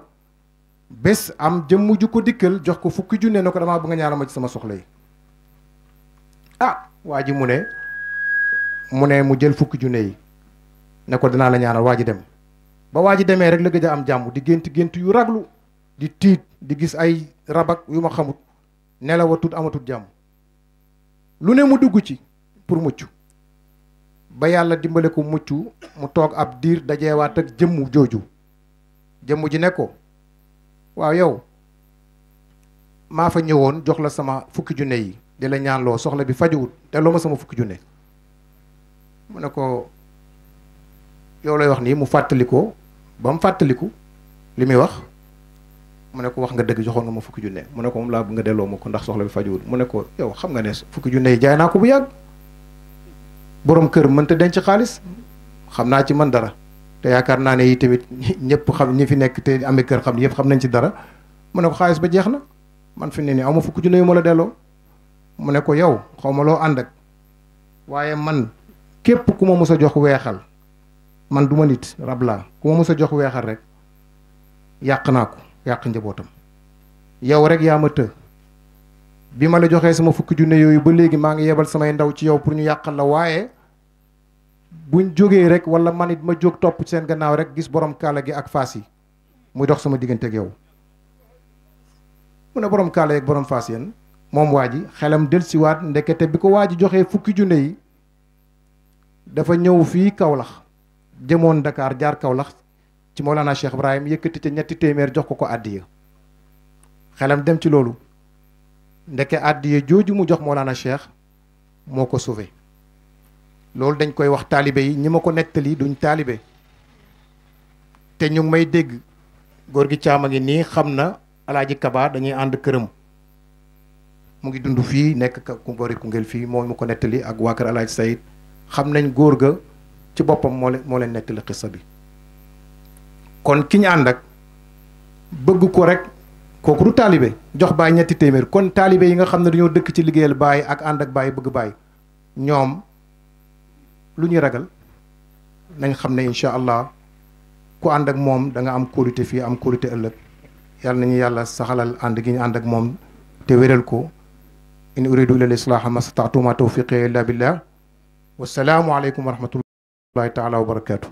Speaker 1: bés am jëmm ju ko dikkal jox ko fukki junne na ko damaa bëgg nga ñaanal ma sama soxla yi a ah, waa ji mu ne mu ne mu jël fukki junne yi ne ko dinaa la ñaanal waa ji dem ba waa ji demee rek la am jàmm di gént gént yu raglu di tiit di gis ay rabak yu ma xamut nelawatut amatut jàmm lu ne mu dugg ci pour mucc ba yàlla dimbale ko mucc mu toog ab diir dajeewaat ak jëmm jooju jëmm ji ne ko waaw yow maa fa ñëwoon jox la sama fukki junne yi di la ñaanloo soxla bi fajuwut te loo ma sama fukki junne mu ne ko yow lay wax nii mu fàttalikoo ba mu fàttaliku li muy wax mu ne ko wax nga dëgg joxoon nga ma fukki junne mu ne ko moom laa bëgg nga delloo ma ko ndax soxla bi fajuwut mu ne ko yow xam nga ne fukki junne yi jaay naa ko bu yàgg borom kër mënta denc xaalis xam naa ci man dara te yaakaar naa ne yi tamit ñëpp xam ñi fi nekk te amee kër xam yépp xam nañ ci dara mu ne ko xaalis ba jeex na man fi ne nii aw ma fukki junne yu ma la delloo mu ne ko yow xaw ma loo àndak waaye man képp ku ma mës a jox weexal man du ma nit rab laa ku ma mës a jox weexal rek yàq naa ko yàq njabootam yow rek yaa ma të bi ma la joxee sama fukki junne yooyu ba léegi maa ngi yebal samay ndaw ci yow pour ñu yàqal la waaye buñ jógee rek wala man ma jóg topp seen gannaaw rek gis boroom kaala gi ak faas yi muy dox sama diggante ak yow mu ne borom kaala yi ak faas yéen moom waa ji xelam dellusiwaat ndekete bi ko waa ji joxee fukki junne yi dafa ñëw fii kawlax jëmoon ndakaar jaar kawlax ci Mawlana Cheikh Ibrahim yëkkati ca ñetti téeméer jox ko ko àddiya xelam dem ci loolu ndeke àddiya jooju mu jox Mawlana Cheikh moo ko sauvé. loolu dañ koy wax taalibe yi ñi ma ko nettali duñ taalibe te ñu may dégg góor gi caama ngi nii xam na alaaji kabaar dañuy ànd këram mu ngi dund fii nekk ku bari Koungheul fii moo mu ko nettali ak waa kër alaaji Sayid xam nañ góor ga ci boppam moo leen moo leen nettali xissa bi kon ki ñu ànd ak bëgg ko rek kooku du taalibe jox baay ñetti téeméer kon taalibe yi nga xam ne dañoo dëkk ci liggéeyal baay ak ànd ak baay bëgg baay ñoom lu ñuy ragal nañ xam ne incha allah ku ànd moom danga am kóolute fii am kóolute ëllëg yàlla nañu yàlla saxalal ànd gi àndak moom te wéral ko in uridu illa lislaaha mastataatu ma tawfiqi illa billah wasalaamu aleykum wa rahmatullahi wa barakatuh